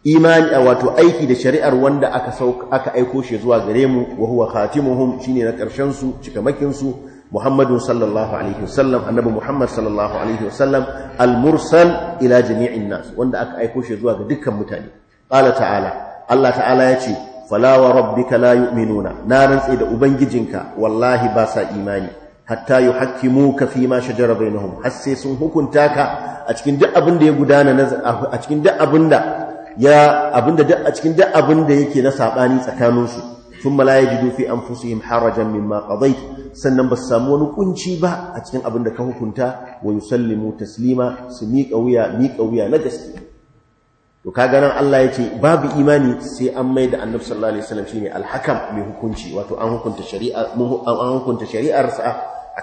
imani wato aiki da shari'ar wanda aka aka aiko shi zuwa gare mu wa huwa khatimuhum shine na karshen su cikamakin su Muhammadun sallallahu alaihi wasallam annabi Muhammad sallallahu alaihi wasallam al-mursal ila jami'in nas wanda aka aiko shi zuwa ga dukkan mutane qala ta'ala Allah ta'ala ya ce fala wa rabbika la yu'minuna na rantsi da ubangijinka wallahi ba sa imani hatta yuhakkimuka fi ma shajara bainahum har sai sun hukunta ka a cikin duk abin da ya gudana a cikin duk abin da ya abinda duk a cikin duk abinda yake na sabani tsakaninsu thumma dufi an fi yin harajan mimma qadayt sannan ba su samu wani kunci ba a cikin abinda ka hukunta wa yusallimu taslima su miƙa wuya miƙa wuya na gaske to kaga nan Allah ya ce babu imani sai an mai da Annabi sallallahu alaihi shine mai hukunci wato an hukunta shari'ar sa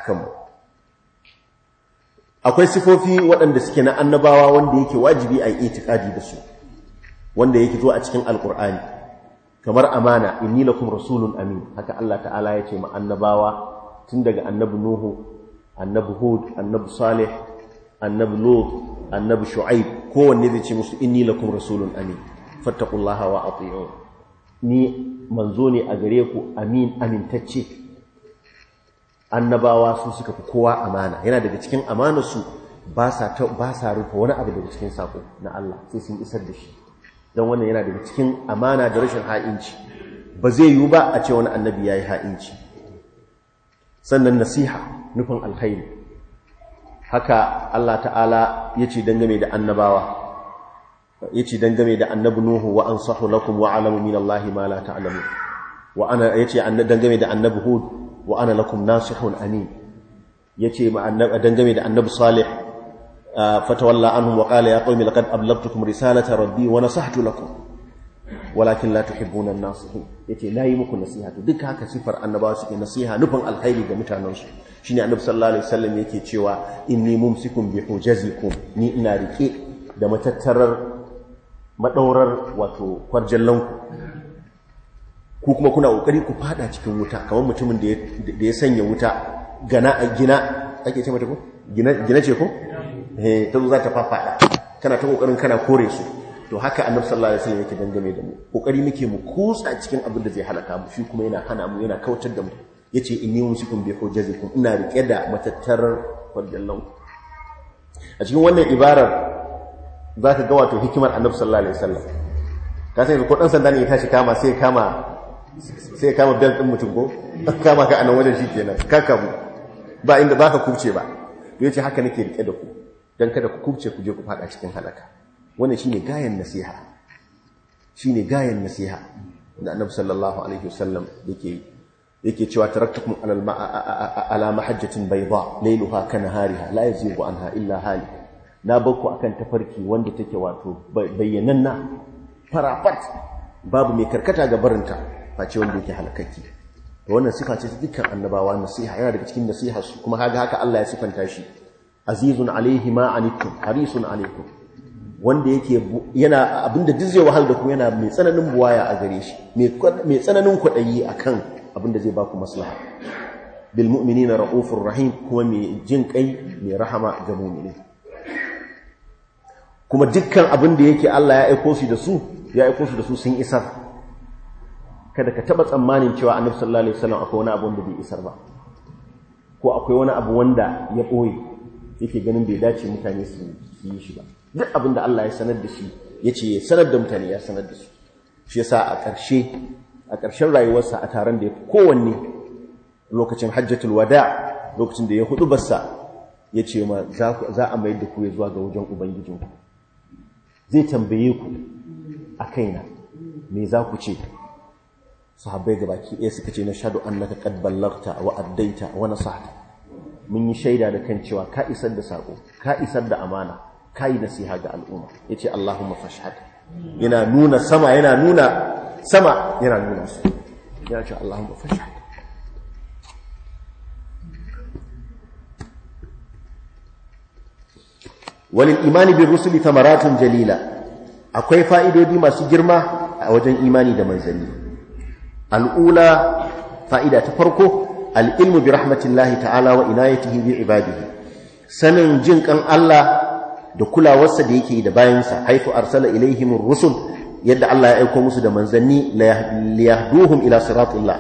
akan mu akwai sifofi waɗanda suke na annabawa wanda yake wajibi a yi itikadi da su wanda yake zo a cikin alkur'ani kamar amana inni lakum rasulun amin haka Allah ta'ala ya ce ma annabawa tun daga annabi nuhu annabi hud annabi salih annabi lut annabi shu'aib kowanne zai ce musu inni lakum rasulun amin fattaqullaha wa ati'un ni manzo ne a gare ku amin amintacce annabawa su suka fi kowa amana yana daga cikin amanarsu ba sa rufe wani abu daga cikin sako na Allah sai sun isar da shi don wannan yana daga cikin amana da rashin ha'inci ba zai yiwu ba a ce wani annabi ya yi ha'inci sannan nasiha nufin alkhairi haka Allah ta'ala ya ce dangame da annabawa ya ce dangame da annabi nuhu wa an sahu lakum wa alamu min Allah ma la ta'lamu wa ana ya ce dangame da annabi hud wa ana lakum nasihun amin ya ce dangame da annabi salih فتولى عنهم وقال يا قوم لقد أبلغتكم رسالة ربي ونصحت لكم ولكن لا تحبون الناصحين yace layi muku nasiha to duk haka sifar annabawa suke nasiha nufin alkhairi ga mutanensu shine annabi sallallahu alaihi wasallam yake cewa inni mumsikum bi hujazikum ni ina rike da matattarar madaurar wato kwarjallanku ku kuma kuna kokari ku faɗa cikin wuta kamar mutumin da ya sanya wuta gana a gina ake ce mata ko gina ce ko Eh, ta zo za ta fafaɗa kana ta ƙoƙarin kana kore su to haka annabi sallallahu alaihi wasallam yake dangane da mu ƙoƙari muke mu kusa cikin abin da zai halaka mu shi kuma yana hana mu yana kautar da mu yace inni wasikum bi hujjatikum ina rike da matattarar wallahu a cikin wannan ibarar za ka ga wato hikimar annabi sallallahu alaihi wasallam ka sai ko dan sanda ne ya tashi kama sai kama sai kama bel din mutum ko kama ka anan wajen shikenan ka kamu ba inda baka kubce ba to yace haka nake rike da ku don kada ku kubce ku je ku fada cikin halaka wannan shine gayan nasiha shine gayan nasiha da annabi sallallahu alaihi wasallam yake yake cewa taraktukum alal ala mahajjatin bayda laylaha kanahariha la yazigu anha illa hali na bakku akan tafarki wanda take wato na farafat babu mai karkata ga barinta face wanda yake halakaki wannan sifa ce ta dukkan annabawa nasiha yana daga cikin nasiha kuma kaga haka Allah ya sifanta shi azizun alaihi ma anittum harisun alaikum wanda yake yana abinda duk zai wahal da ku yana mai tsananin buwaya a gare shi mai tsananin kwaɗayi akan abinda zai baku maslaha bil mu'minina ra'ufur rahim kuma mai jin kai mai rahama ga mu'mini kuma dukkan abin da yake Allah ya aiko su da su ya aiko su da su sun isar kada ka taba tsammanin cewa annabi sallallahu alaihi wasallam akwai wani abu da bai isar ba ko akwai wani abu wanda ya ɓoye yake ganin bai dace mutane su yi shi ba duk abin da Allah ya sanar da shi ya ce ya sanar da mutane ya sanar da su shi yasa a ƙarshe a ƙarshen rayuwarsa a taron da ya fi kowanne lokacin hajjatul wada lokacin da ya hudu barsa ya ce ma za a mayar da ku ya zuwa ga wajen ubangijinku zai tambaye ku a kaina me za ku ce sahabbai gabaki ɗaya suka ce na shaɗu annaka qad ballaghta wa addaita wa nasahta mun yi shaida da kan cewa ka isar da sako ka isar da amana ka yi nasiha ga al'umma yace Allahumma fashhad yana nuna sama yana nuna sama yana nuna su yana cewa Allahumma fashhad walil imani bin rusuli thamaratun jalila akwai fa'idodi masu girma a wajen imani da manzanni al'ula fa'ida ta farko al'ilmu bi rahmatillahi ta'ala wa ina inayatihi bi ibadihi sanin jin kan Allah da kulawarsa da yake da bayansa haifu arsala ilaihim rusul yadda Allah ya aiko musu da manzanni la ila siratillah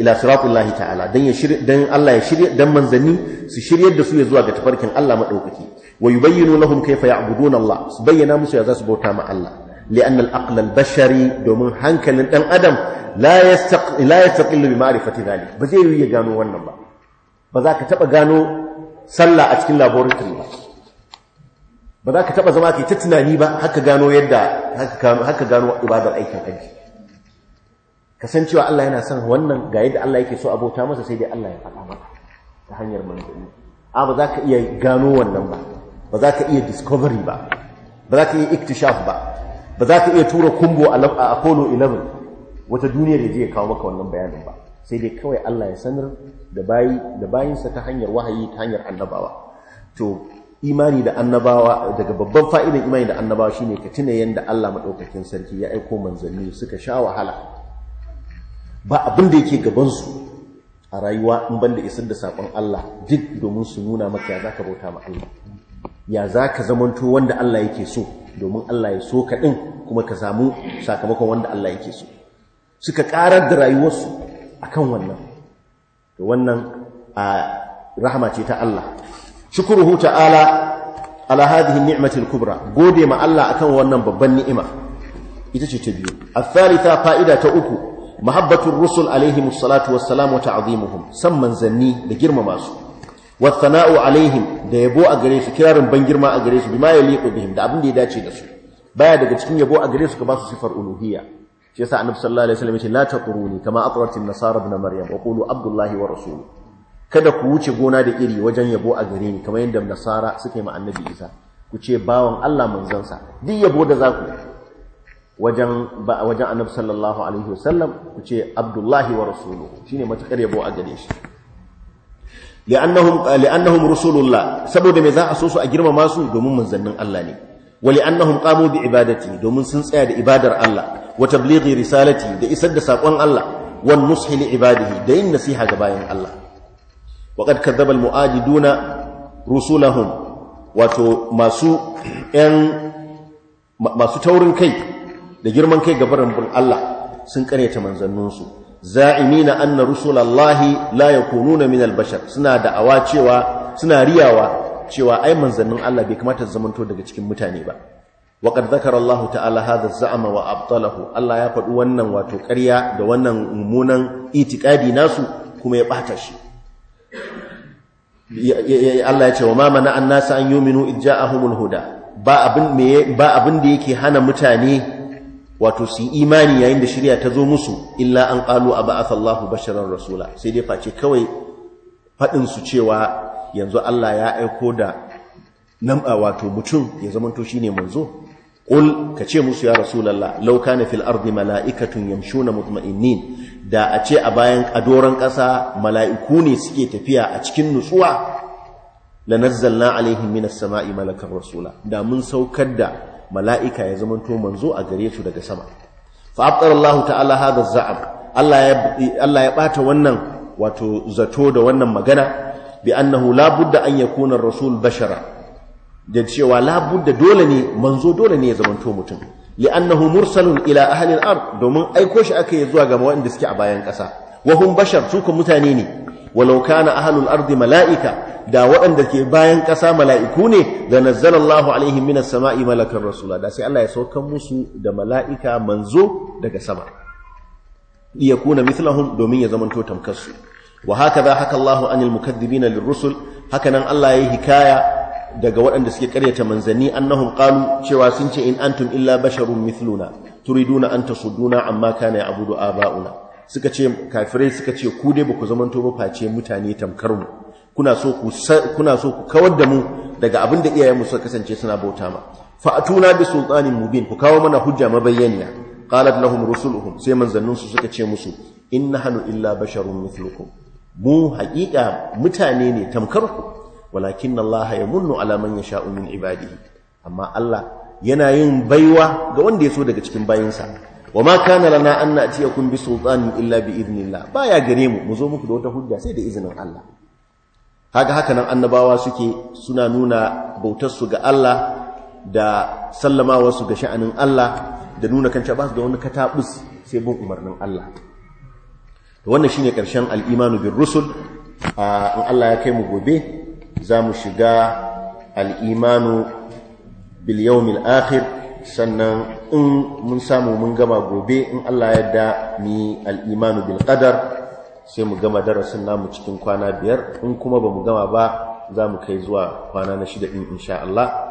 ila siratillah ta'ala dan ya shirye dan Allah ya shirye dan manzanni su shiryar da su ya zuwa ga tafarkin Allah madaukaki wa yubayyinu lahum kayfa ya'buduna Allah su bayyana musu ya za su bauta ma Allah لأن الأقل البشري دومن هنكل أن أدم لا يستق... لا يستقل بمعرفة ذلك بزيو يغانو wannan ba ba za ka taba gano sallah a cikin laboratory ba za ka taba zama kai ta tunani ba haka gano yadda haka ibadar aikin aji kasancewa Allah yana son wannan ga yadda Allah yake so abota masa sai dai Allah ya faɗa maka ta hanyar manzanni ba za ka iya gano wannan ba ba za ka iya discovery ba ba za ka iya iktishaf ba ba za ka iya tura kumbo a apollo 11 wata duniya da zai kawo maka wannan bayanin ba sai dai kawai allah ya sanar da bayi bayinsa ta hanyar wahayi ta hanyar annabawa to imani da annabawa daga babban fa'idan imani da annabawa shine ka tuna yanda allah maɗaukakin sarki ya aiko manzanni suka sha wahala ba abin da yake gabansu a rayuwa in banda isar da saƙon Allah duk domin su nuna maka ya zaka bauta ma Allah ya zaka zamanto wanda Allah yake so domin Allah ya so ka ɗin kuma ka samu sakamakon wanda Allah yake so suka ƙarar da rayuwarsu a kan wannan da wannan a rahama ce ta Allah shukuruhu ta'ala ala hadhihi ni'matin kubra gode ma Allah akan wannan babban ni'ima ita ce ta biyu a thalitha fa'ida ta uku Mahabbatun rusul alaihimus salatu wassalamu wa san manzanni da girmama su wasana'u alaihim da yabo a gare su kirarin ban girma a gare su bima yaliqu bihim da abin da ya dace da su baya daga cikin yabo a gare su ka ba su sifar uluhiyya shi yasa annabi sallallahu alaihi wasallam ya ce la taquruni kama aqrat an-nasara ibn maryam wa qulu abdullahi wa rasuluhu kada ku wuce gona da iri wajen yabo a gare ni kamar yadda nasara suke ma annabi isa ku ce bawan Allah manzansa duk yabo da za ku wajen wajen annabi sallallahu alaihi wasallam ku ce abdullahi wa rasuluhu shine matakar yabo a gare shi li'annahum li'annahum rusulullah saboda me za a so su a girmama su domin manzannin Allah ne wa li'annahum qamu bi ibadati domin sun tsaya da ibadar Allah wa tablighi risalati da isar da sakon Allah wa nushi li ibadihi da yin nasiha ga bayan Allah wa qad kadzaba al-mu'ajiduna rusulahum wato masu yan masu taurin kai da girman kai gabarin Allah sun karyata manzanninsu za'imina anna rusulallahi la yakununa min albashar suna da'awa cewa suna riyawa cewa ai manzannin Allah bai kamata zamanto daga cikin mutane ba Waƙar zakarallahu zakara Allah ta'ala hadha za'ama wa abtalahu Allah ya faɗi wannan wato ƙarya da wannan mummunan itikadi nasu kuma ya bata shi Allah ya ce wa ma mana annasa an yu'minu id ja'ahumul huda ba abin ba abin da yake hana mutane wato su imani yayin da shirya ta zo musu illa an ƙalu a Allahu basharar rasula sai dai face kawai faɗin su cewa yanzu Allah ya aiko da nan wato mutum ya zamanto shine manzo ka ce musu ya rasulullah law kana fil ardi mala'ikatun yamshuna mutma'innin da a ce a bayan adoran ƙasa mala'iku ne suke tafiya a cikin nutsuwa lanazzalna alaihim minas sama'i malakar rasula da mun saukar da mala'ika ya zamanto manzo a gare su daga sama fa Allah ta'ala hadha za'ab Allah ya ɓata wannan wato zato da wannan magana bi annahu la budda an yakuna rasul bashara da cewa labudda dole ne manzo dole ne ya zamanto mutum li'annahu mursalun ila ahalin ar domin aiko shi aka yi zuwa ga waɗanda suke a bayan ƙasa Wahun bashar su mutane ne walau kana ahlul ardi mala'ika da waɗanda ke bayan ƙasa mala'iku ne da nazzala alaihi minas sama'i malakan rasula da sai Allah ya saukan musu da mala'ika manzo daga sama liyakuna mithlahum domin ya zamanto tamkar su wa hakaza haka Allahu anil mukaththibina lirrusul hakanan Allah ya yi hikaya daga waɗanda suke karyata manzanni annahum qalu cewa sun ce in antum illa basharun mithluna turiduna an tasudduna amma kana ya'budu aba'una suka ce kafirai suka ce ku dai baku zamanto ba face mutane tamkar mu kuna so ku kuna so ku kawar da mu daga abin da iyayen mu suka kasance suna bauta ma fa atuna bi sultanin mubin ku kawo mana hujja mabayyana qalat lahum rusuluhum sai manzannin su suka ce musu inna hanu illa basharun mithlukum mu haƙiƙa mutane ne tamkar ku walakin Allah ya munnu ala man yasha'u min ibadihi amma Allah yana yin baiwa ga wanda ya so daga cikin bayinsa wa ma kana lana an na'tiyakum bi sultanin illa bi idnillah baya gare mu mu zo muku da wata hujja sai da izinin Allah haka haka nan annabawa suke suna nuna bautar su ga Allah da sallamawa su ga sha'anin Allah da nuna kanta ba su da wani katabus sai bin umarnin Allah to wannan shine karshen al-imanu bir rusul in Allah ya kai mu gobe za mu shiga al-imanu bil yawmil akhir sannan in mun samu mun gama gobe in Allah ya da mi al'imanu bil ƙadar sai mu gama darasin namu cikin kwana biyar in kuma ba mu gama ba za mu kai zuwa kwana na shida in insha Allah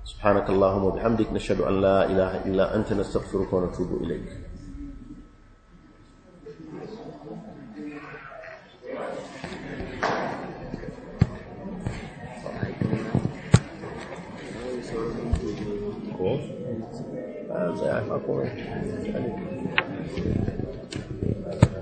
wa bihamdik nashhadu an la ilaha illa anta nastaghfiruka wa natubu ilayk 在法国。